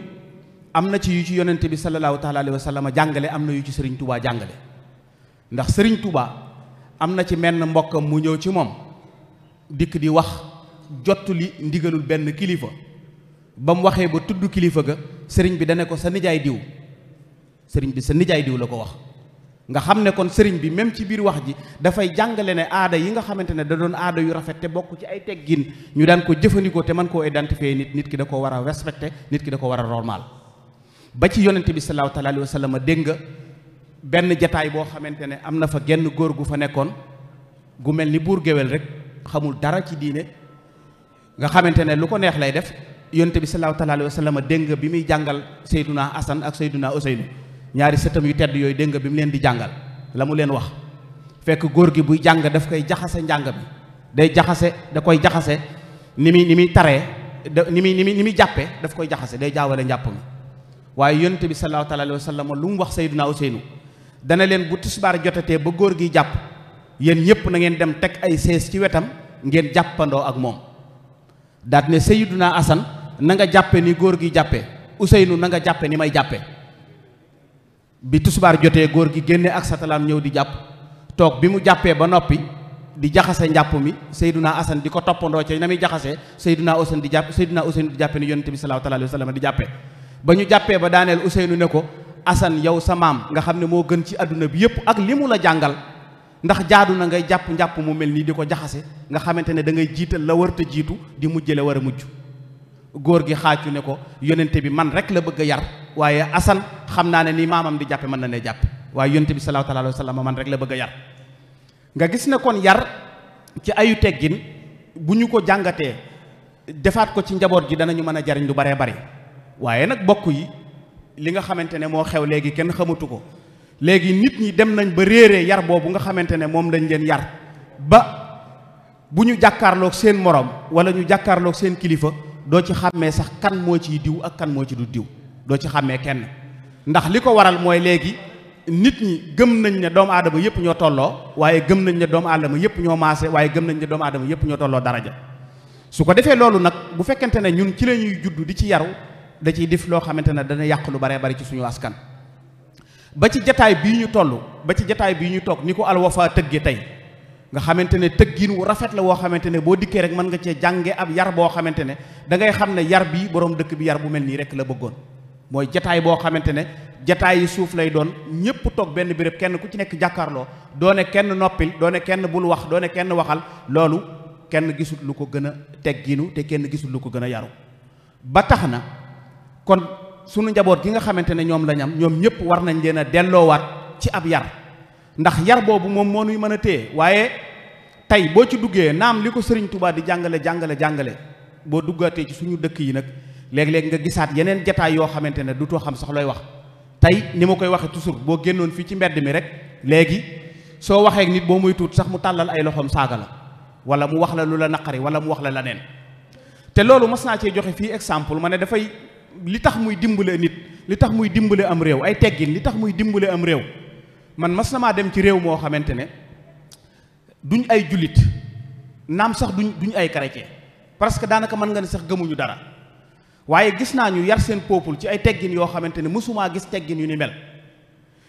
am na ci yu ci yonente bi sallallahu taala alayhi wa sallam jàngale am na yu ci sëriñ tubaa jàngale ndax sëriñ tubaa am na ci menn mbokkam mu ñëw ci moom dikk di wax jottuli ndigalul benn kilifa ba mu waxee ba tudd kilifa ga sëriñ bi dane ko sa nijaay diw sëriñ bi sa nijaay diw la ko wax nga xam ne kon sëriñ bi même ci biir wax ji dafay jàngale ne aada yi nga xamante ne da doon aada yu rafet te bokk ci ay teggin ñu daan ko jëfandikoo te mën koo identifier nit nit ki da ko war a respecté nit ki da ko war a normal ba ci yonente bi sallallahu alayhi wa sallam dégg nga benn jataay boo xamante ne am na fa genn góor gu fa nekkoon gu mel ni buur géwél rek xamul dara ci diine nga xamante ne lu ko neex lay def yonente bi sallallahu alayhi wa sallam dégg bi muy jàngal naa Asan ak naa Useynu ñaari sëtam yu tedd yooyu dégg bi mu leen di jàngal la mu leen wax fekk góor gi buy jàng daf koy jaxase njàng bi day jaxase da koy jaxase ni muy ni muy taree ni muy ni muy ni muy jàppee daf koy jaxase day jaawale njàpp mi waaye yonent bi sallallahu taala alayhi wa sallam lu mu wax sayyiduna Useynu dana leen bu tisbaar jotatee ba góor gi jàpp yéen ñëpp na ngeen dem teg ay sees ci wetam ngeen jàppandoo ak moom daat ne naa Asan na nga jàppe ni góor gi jàppe Useynu na nga jàppe ni may jàppe bi tusubaar jotee góor gi génne ak satalaam ñëw di jàpp toog bi mu jàppee ba noppi di jaxase njàpp mi Seydunaa Asan di ko toppandoo ca na muy jaxase Seydunaa Useynu di jàpp Seydunaa Useynu di jàppe ni yonente bi sallallahu alayhi di jàppee ba ñu jàppee ba daaneel Useynu ne ko Asan yow sa maam nga xam ne moo gën ci àdduna bi yépp ak li mu la jàngal ndax jaadu na ngay jàpp njàpp mu mel nii di ko jaxase nga xamante ne da ngay jiital la wërta jiitu di mujjale war a mujj góor gi xaacu ne ko yonente bi man rek la bëgg a yar waaye asan xam naa ne ni maamam di jàppe mën na ne jàpp waaye yonente bi sallallahu alayhi wa sallam man rek la bëgg yar nga gis ne kon yar ci ayu teggin bu ñu ko jàngatee defaat ko ci njaboot ji danañu mën a jariñ lu baree bari waaye nag bokk yi li nga xamante ne moo xew léegi kenn xamatu ko léegi nit ñi dem nañ ba réeree yar boobu nga xamante ne moom lañ leen yar ba bu ñu jàkkaarloog seen morom wala ñu jàkkaarloog seen kilifa doo ci xàmmee sax kan moo ciy diw ak kan moo ci du diw doo ci xàmmee kenn ndax li ko waral mooy léegi nit ñi gëm nañ ne doomu aadama yëpp ñoo tolloo waaye gëm nañ ne doomu aadama yëpp ñoo maase waaye gëm nañ ne doomu aadama yëpp ñoo tolloo daraja su ko defee loolu nag bu fekkente ne ñun ci la ñuy judd di ci yaru da ciy def loo xamante ne dana yàq lu bare bari ci suñu askan ba ci jataay bii ñu toll ba ci jataay bii ñu toog ni ko faa tëggee tey nga xamante ne tëggin wu rafet la woo xamante ne boo dikkee rek mën nga cee jànge ab yar boo xamante ne dangay ngay xam ne yar bii boroom dëkk bi yar bu mel nii rek la bëggoon mooy jataay boo xamante ne jataay yi suuf lay doon ñëpp toog benn béréb kenn ku ci nekk jàkkaarloo doone kenn noppil doone kenn bul wax doone kenn waxal loolu kenn gisul lu ko gën a tegginu te kenn gisul lu ko gën a yaru ba tax na kon sunu njaboot gi nga xamante ne ñoom la ñam ñoom ñëpp war nañ leen a delloowaat ci ab yar ndax yar boobu moom moo nuy mën a téye waaye tey boo ci duggee naam li ko sëriñ Touba di jàngale jàngale jàngale boo duggaatee ci suñu dëkk yi nag léeg-léeg nga gisaat yeneen jataay yoo xamante ne du too xam sax looy wax tey ni ma koy waxee toujours boo génnoon fii ci mbedd mi rek léegi soo waxee nit boo muy tuut sax mu tàllal ay loxoom saaga la wala mu wax la lu la naqari wala mu wax la la neen te loolu mas naa cee joxe fii exemple ma ne dafay li tax muy dimbale nit li tax muy dimbale am réew ay li tax muy dimbale am réew man mas na maa dem ci réew moo xamante ne duñ ay jullit naam sax duñ duñ ay chrétien parce que daanaka mën nga ne sax gëmuñu dara waaye gis naa ñu yar seen peuple ci ay teggin yoo xamante ne mosumaa gis teggin yu ni mel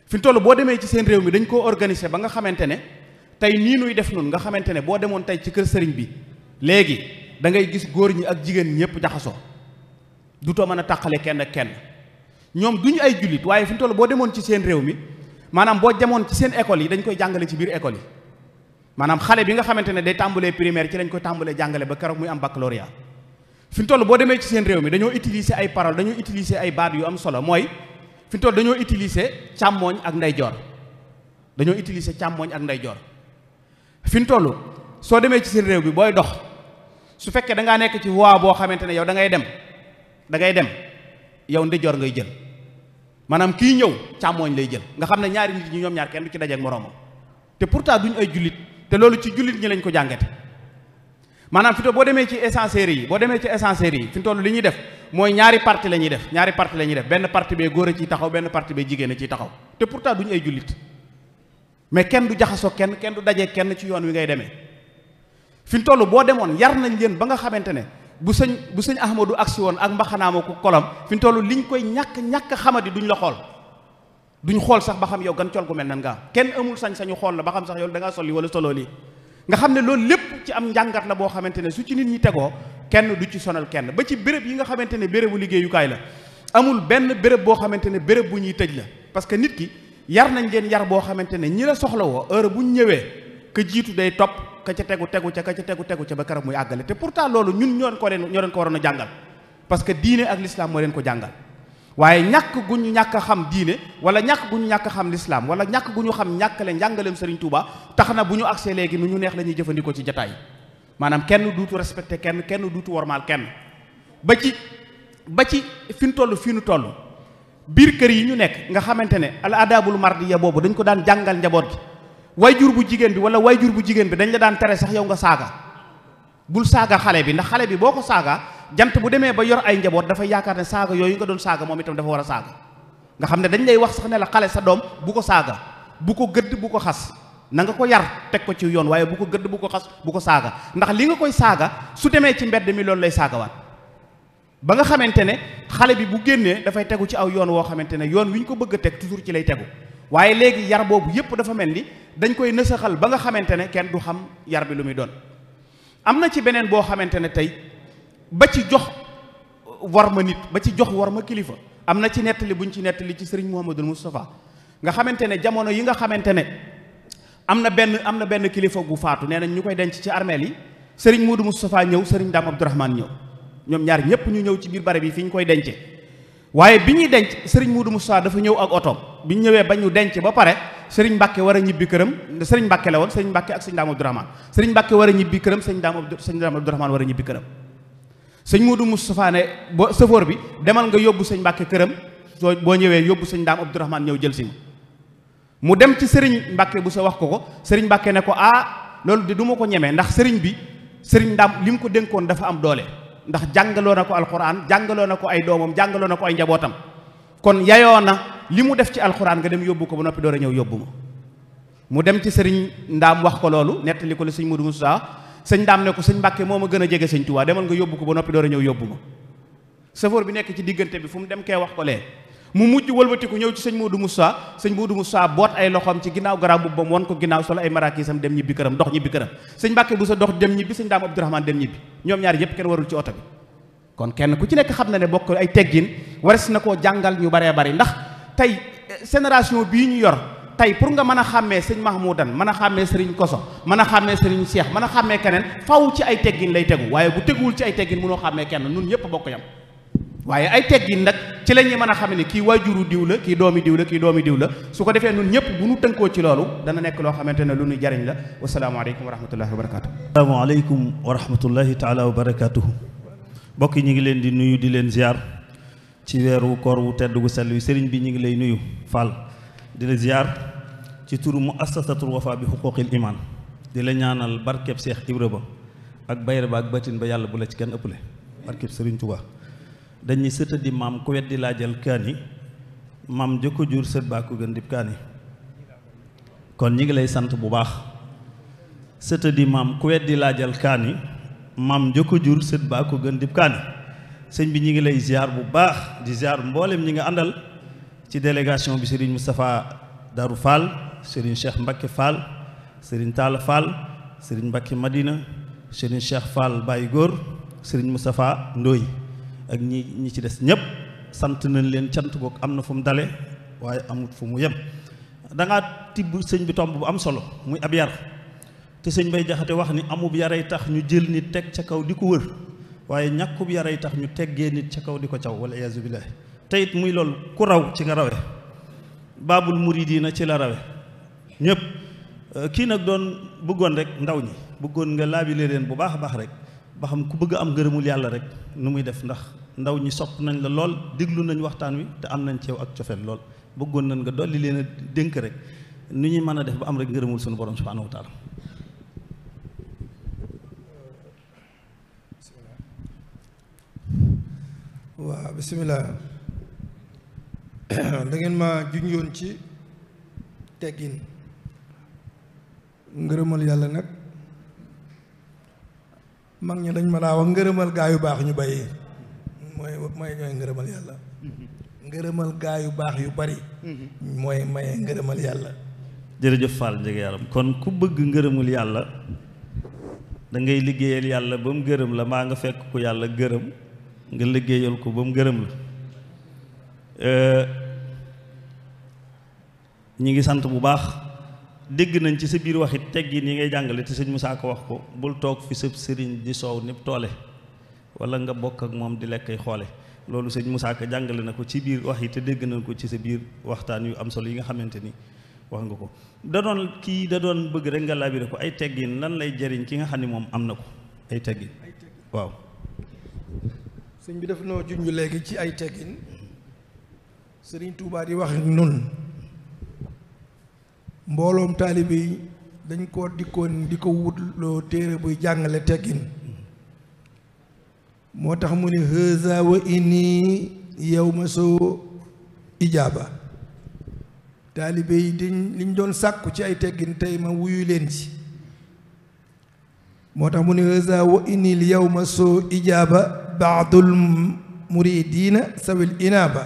fi toll boo demee ci seen réew mi dañ koo organiser ba nga xamante ne tey nii nuy def noonu nga xamante ne boo demoon tey ci kër sëriñ bi léegi da ngay gis góor ñi ak jigéen ñëpp jaxasoo du too mën a tàqale kenn ak kenn ñoom duñu ay jullit waaye fi toll boo demoon ci seen réew mi maanaam boo demoon ci seen école yi dañ koy jàngale ci biir école yi maanaam xale bi nga xamante ne day tàmbalee primaire ci lañ koy tàmbalee jàngale ba keroog muy am baccalauréat fi mu toll boo demee ci seen réew mi dañoo utiliser ay paroles dañoo utiliser ay baat yu am solo mooy fi mu toll dañoo utiliser càmmooñ ak ndeyjoor dañoo utiliser càmmooñ ak ndeyjoor fi mu toll soo demee ci seen réew bi booy dox su fekkee da ngaa nekk ci voie boo xamante ne yow da ngay dem da dem yow ndeyjoor ngay jël. maanaam kii ñëw càmmooñ lay jël nga xam ne ñaari nit ñi ñoom ñaar kenn du ci dajeeg moroomam te pourtant duñ ay jullit te loolu ci jullit ñi lañ ko jàngate maanaam fi boo demee ci essencerie yi boo demee ci essencerie yi fi mu li ñuy def mooy ñaari parti la ñuy def ñaari parti la ñuy def benn parti bee góor a ciy taxaw benn parti bee jigéen a ciy taxaw te pourtant duñ ay jullit mais kenn du jaxasoo kenn kenn du dajee kenn ci yoon wi ngay demee fi mu toll boo demoon yar nañ leen ba nga xamante ne bu sëñ bu sëñ Ahmadou agsi woon ak mbaxanaama ko kolam fi ñu toll liñ koy ñàkk ñàkk xamadi duñ la xool duñ xool sax ba xam yow gan col gu mel nan nga kenn amul sañ-sañu xool la ba xam sax yow da ngaa sol li wala soloo lii nga xam ne loolu lépp ci am njàngat la boo xamante ne su ci nit ñi tegoo kenn du ci sonal kenn ba ci béréb yi nga xamante ne bérébu liggéeyukaay la amul benn béréb boo xamante ne béréb bu ñuy tëj la parce que nit ki yar nañ leen yar boo xamante ne ñi la soxla woo heure bu ñu ñëwee jiitu day topp ka ca tegu tegu ca ka ca tegu tegu ba keroog muy àggale te pourtant loolu ñun ñoo leen ko leen ñoo leen ko waroon a jàngal parce que diine ak l'islam moo leen ko jàngal waaye ñàkk gu ñu ñàkk xam diine wala ñàkk gu ñu ñàkk xam lislaam wala ñàkk gu ñu xam ñàkk ñàkkale njàngaleem Serigne Touba tax na bu ñu agsee léegi nu ñu neex la ñuy jëfandikoo ci jataay maanaam kenn duutu respecté kenn kenn duutu wormaal kenn ba ci ba ci fi nu toll fi nu toll biir kër yi ñu nekk nga xamante ne al adabul mardiya boobu dañ ko daan jàngal njaboot gi jur bu jigéen bi wala jur bu jigéen bi dañ la daan tere sax yow nga saaga bul saaga xale bi ndax xale bi boo ko saaga jant bu demee ba yor ay njaboot dafa yaakaar ne saaga yooyu nga doon saaga moom itam dafa war a saaga nga xam ne dañ lay wax sax ne la xale sa doom bu ko saaga bu ko gëdd bu ko xas na nga ko yar teg ko ci yoon waaye bu ko gëdd bu ko xas bu ko saaga ndax li nga koy saaga su demee ci mbedd mi loolu lay saagawaat ba nga xamante ne xale bi bu génnee dafay tegu ci aw yoon woo xamante ne yoon wi ñu ko bëgg teg toujours ci lay waaye léegi yar boobu yépp dafa mel ni dañ koy nësaxal ba nga xamante ne kenn du xam yar bi lu muy doon am na ci beneen boo xamante ne tey ba ci jox war ma nit ba ci jox war ma kilifa am na ci nettali buñ ci nettali ci sëriñ Mouhamadul Moustapha nga xamante ne jamono yi nga xamante ne am na benn am na benn kilifa gu faatu nee nañ ñu koy denc ci armeel yi sëriñ Moudou Moustapha ñëw sëriñ Dame Abdourahmane ñëw ñoom ñaar ñëpp ñu ñëw ci biir bare bi fi ñu koy dencee waaye bi ñuy denc sëriñ Muudu Musaa dafa ñëw ak otoom bi ñu ñëwee ba ñu denc ba pare sëriñ Mbàkke war a ñibbi këram sëriñ Mbàkke la woon sëriñ Mbàkke ak sëñ Daam Abdourahmane sëriñ Mbàkke war a ñibbi këram sëñ Daam sëñ Daam Abdourahmane war a ñibbi këram sëñ mu Musaa ne ba sëfoor bi demal nga yóbbu sëñ Mbàkke këram soo boo ñëwee yóbbu sëñ Daam Abdourahmane ñëw jël si mu dem ci sëriñ Mbàkke bu sa wax ko ko sëriñ Mbàkke ne ko ah loolu de du ko ñemee ndax sëriñ bi sëriñ li mu ko dénkoon dafa am doole ndax jàngaloo na ko alxuraan jàngaloo na ko ay doomam jàngaloo na ko ay njabootam kon yayoo na li mu def ci alxuraan nga dem yóbbu ko ba noppi door a ñëw yóbbu ma mu dem ci sëriñ ndaam wax ko loolu nettali ko la sëñ Modou Moussa sëñ ndaam ne ko sëñ Mbàkke moo ma gën a jege sëñ Tuubaa demal nga yóbbu ko ba noppi door a ñëw yóbbu ma safoor bi nekk ci diggante bi fu mu dem kee wax ko lee mu mujj wëlbatiku ñëw ci sëñ Modou Moussa sëñ Modou Moussa boot ay loxoom ci ginnaaw garab bu bam won ko ginnaaw solo ay marakiisam dem ñibbi këram dox ñibbi këram sëñ Mbàkke bu sa dox dem ñibbi sëñ Daam Abdourahmane dem ñibbi ñoom ñaar yépp kenn warul ci oto bi kon kenn ku ci nekk xam na ne bokk ay teggin wares na koo jàngal ñu baree bari ndax tey eh, génération bii ñu yor tey pour nga mën a xàmmee sëñ Mahmoudan mën a xàmmee sëriñ Koso mën a xàmmee sëriñ Cheikh mën a xàmmee keneen faw ci ay teggin lay tegu bu teguwul ci ay teggin mënoo xàmmee kenn nun ñëpp bokk yam waaye ay teggin nag ci la ñuy mën a xam ne kii waajuru diw la kii doomi diw la kii doomi diw la su ko defee nun ñëpp bu nu tënkoo ci loolu dana nekk loo xamante ne lu ñuy jariñ la wasalaamaaleykum wa rahmatullahi wa barakatuh
asalaamaaleykum wa rahmatullahi taala wa barakatuhu mbokk yi ñu ngi leen di nuyu di leen ziar ci weeru koor wu tedd gu sell wi sëriñ bi ñu ngi lay nuyu Fall di la ziar ci turu mu assasatul wafa bi xuquqil iman di la ñaanal barkeb Seex Ibra ba ak bayre ba ak batin ba yàlla bu la ci kenn ëppale barkeb Sëriñ Tuubaa dañuy sëta di maam ku weddi laa jël kaani maam jëkko jur sët baa ko gën dib kaani kon ñi ngi lay sant bu baax sëta di maam ku weddi laa jël kaani maam jëkko jur sët baa ko gën dib kaani sëñ bi ñi ngi lay ziar bu baax di ziar mboolem ñi nga àndal ci délégation bi Serigne Moustapha Darou Fall Serigne Cheikh Mbacke Fall Serigne Talla Fall Serigne Mbacke Madina Serigne Cheikh Fall Baye Góor Serigne Moustapha Ndoye ak ñi ñi ci des ñëpp sant nañ leen cant goog am na fu mu dale waaye amut fu mu yem danga ngaa tibb sëñ bi tomb bu am solo muy ab yar te sëñ bay jaxate wax ni amub yaray tax ñu jël nit teg ca kaw di ko wër waaye ñàkkub yi tax ñu teggee nit ca kaw di ko caw wala iyaazu billahi te it muy lool ku raw ci nga rawe baabul muridiina ci la rawe ñëpp kii nag doon bëggoon rek ndaw ñi bëggoon nga laabi leen bu baax a baax rek ba xam ku bëgg am ngërëmul yàlla rek nu muy def ndax ndaw ñi sopp nañ la lool déglu nañ waxtaan wi te am nañ ceew ak cofeel lool bëggoon nañ nga dolli leen a dénk rek nu ñuy mën a def ba am rek ngërëmul sunu borom subhaanahu wa taala waaw bisimilah
(coughs) da ngeen ma junjoon ci teggin ngërëmal yàlla nag mag ñi dañ ma daa wax ngërëmal gaa yu baax ñu bàyyi mooy mooy ñooy ngërëmal yàlla ngërëmal gaa yu baax yu bari mooy maye ngërëmal yàlla
jërëjëf Fall njëg yaram kon ku bëgg ngërëmul yàlla dangay liggéeyal yàlla ba mu gërëm la maa nga fekk ku yàlla gërëm nga liggéeyal ko ba mu gërëm la euh, ñi ngi sant bu baax dégg nañ ci sa biir waxit teggin yi ngay jàngale te suñ Moussa ko wax ko bul toog fi sëb sëriñ di soow népp toole wala nga bokk ak moom di lekk ay xoole loolu sëñ Moussa ko jàngale na ko ci biir wax yi te dégg nañ ko ci sa biir waxtaan yu am solo yi nga xamante ni wax nga ko da doon kii da doon bëgg rek nga labiré ko ay teggin lan lay jariñ ki nga xam ne moom am na ko ay teggin waaw
sëñ bi daf noo junj léegi ci ay teggin sëriñ Touba yi wax nun mbooloom taalibe yi dañ koo dikkoon di ko wutloo téere buy jàngale teggin moo tax mu ne hëza wa inni yow ma soo ijaaba taalibe yi diñ liñ doon sàkku ci ay teggin tey ma wuyu leen ci moo tax mu ne hëza wa inni yow ma soo ijaaba baadul muridiina sawil inaaba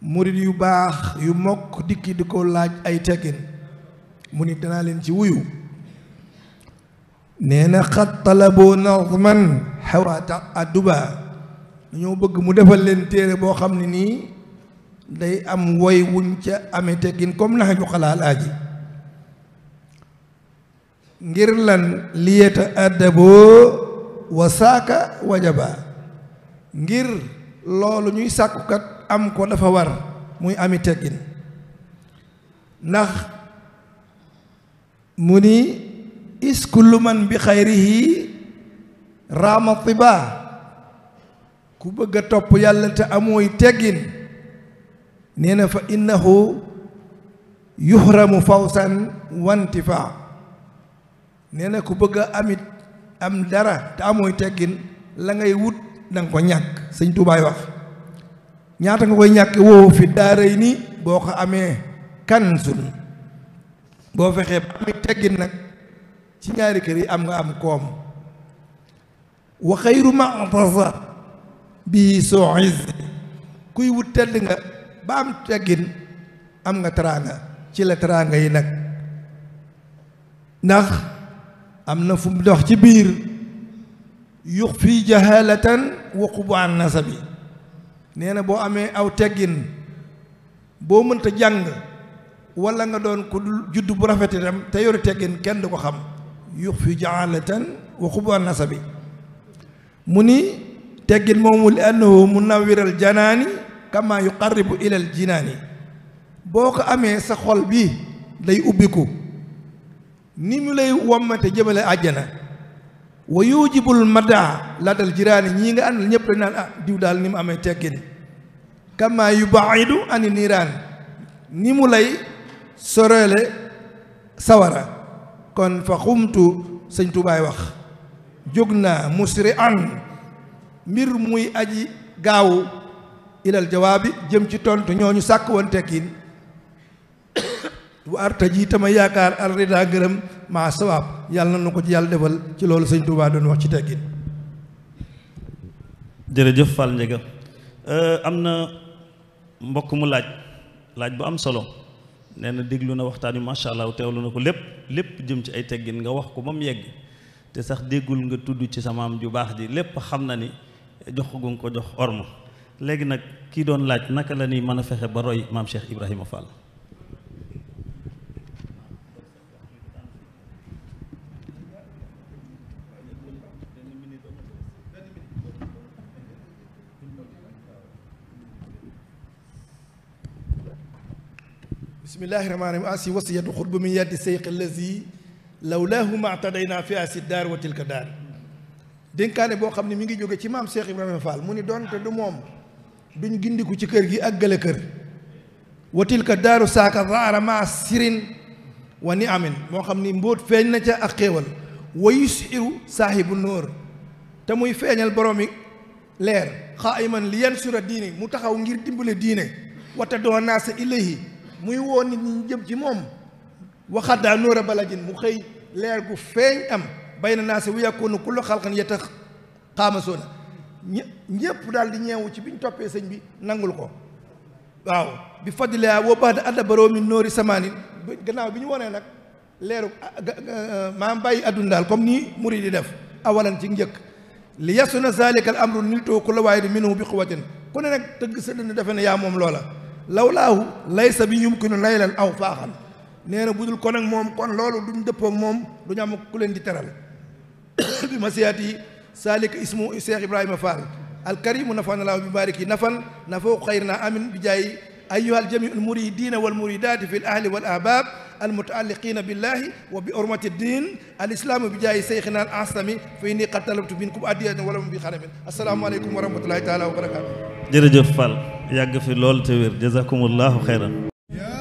murit yu baax yu mokk dikki di ko laaj ay teggin mu ni danaa leen ci wuyu nee na xat talaboo nazman xawaata adduba dañoo bëgg mu defal leen téere boo xam ne nii day am woy wuñ ca amee teggin comme naxe ju xalaalaa ji ngir lan liyeta addaboo wa saaka wajaba ngir loolu ñuy sàkkukat am ko dafa war muy ami teggin ndax mu ni is kullu man bi xayrihi raama tiba ku bëgg a topp yàlla te amooy teggin nee fa innahu yuhramu fawsan wantifa nee na ku bëgg a amit am dara te amooy teggin la ngay wut danga ko ñàkk sëñ Tuubaay wax ñaata nga koy ñàkk woo fi daaray ni boo ko amee kanzun boo fexee ba muy teggin nag ci ñaari kër yi am nga am koom wa xayru matasa bii soo kuy wut tedd nga ba am teggin am nga teraanga ci la teraanga yi nag ndax am na fu mu ci biir yux fi jahalatan wa qubu an nasabi nee na boo amee aw teggin boo mënta jàng wala nga doon ku juddu bu rafet itam te yori teggin kenn du ko xam yux fi jaalatan wa mu ni teggin moomu li annahu munawiral janaani kama yuqarribu ilal jinaani boo ko amee sa xol bi day ubbiku ni mu lay wommate jëmale àjjana wa yujibul madaa la dal jiraani ñii nga àndal ñëpp dañ naan ah diw daal ni mu amee teggin yu kama yubaidu ani niiraan ni mu lay soreele sawara kon fa xumtu sëñ tubaay wax jóg naa musri an mbir muy aji gaawu ilal jawaabi jëm ci tontu ñu sàkk woon tekkiin bu arta ji tama yaakaar al rida gërëm maa sawaab yàlla na ko ci yàlla defal ci loolu sëñ Touba doon wax ci teggin
jërëjëf Fall Ndiaga euh, am na mbokk mu laaj laaj bu am solo nee na déglu na waxtaan wi macha allah teewlu na ko lépp lépp jëm ci ay teggin nga wax ko ba mu yegg te sax déggul nga tudd ci sa maam ju baax ji lépp xam na ni jox gu nga ko jox orma léegi nag kii doon laaj naka la ñuy mën a fexe ba roy maam Cheikh Ibrahima Fall.
bismillahi rahmaani rahim asi wasiyatu xutbu min yaddi seyq allazi lawlaahu ma tadaynaa fi asi daar wa tilka daar dénkaane boo xam ne mi ngi jóge ci maam Cheikh Ibrahima Fall mu ni doonte du moom duñ gindiku ci kër gi ak gële kër wa tilka daaru saaka zaara ma sirin wa ni amin moo xam ni mbóot feeñ na ca ak xéewal wa yusiru saahibu nuur te muy feeñal boroomi leer xaa iman li yansura diini mu taxaw ngir dimbale diine wata doo naasa ilayhi muy woo ni ñi jëm ci moom waxaddaa nóor a balajin mu xëy leer gu feeñ am bay na naa si wu yàkkoonu kullu xalqan ya tax xaamasoona ñëpp daal di ñeewu ci biñ toppee sëñ bi nangul ko waaw bi fadlilaa woo baax da adda baroo mi samaani gannaaw bi ñu wanee nag leeru maam bàyyi adduna daal comme nii muri di def awalan ci njëkk li yasu na zalika al amru niltoo ku la waaye di minhu bi quwatin ku ne nag tëgg sa dënd defe ne yaa moom loola lawlaahu laysa bi yumkinu laylan aw faaxan nee na bu dul kon moom kon loolu duñ dëppook moom duñu am ku leen di teral (coughs) bi masiyaat yi saalika ismu Cheikh Ibrahima Fall alkarimu nafana laahu bi barik yi nafan nafaw xayr na amin bi jaay ayyuhal jamiu almuridina walmuridaati fi l ahli wal ahbab almutaalliqina billahi wa bi urmati din al islaamu bi jaay seyxina al asami fa inni qad talabtu wala bi xaramin asalaamaaleykum wa rahmatullahi taala wa barakatu
jërëjëf yàgg fi lool te wér jazakumullahu xayran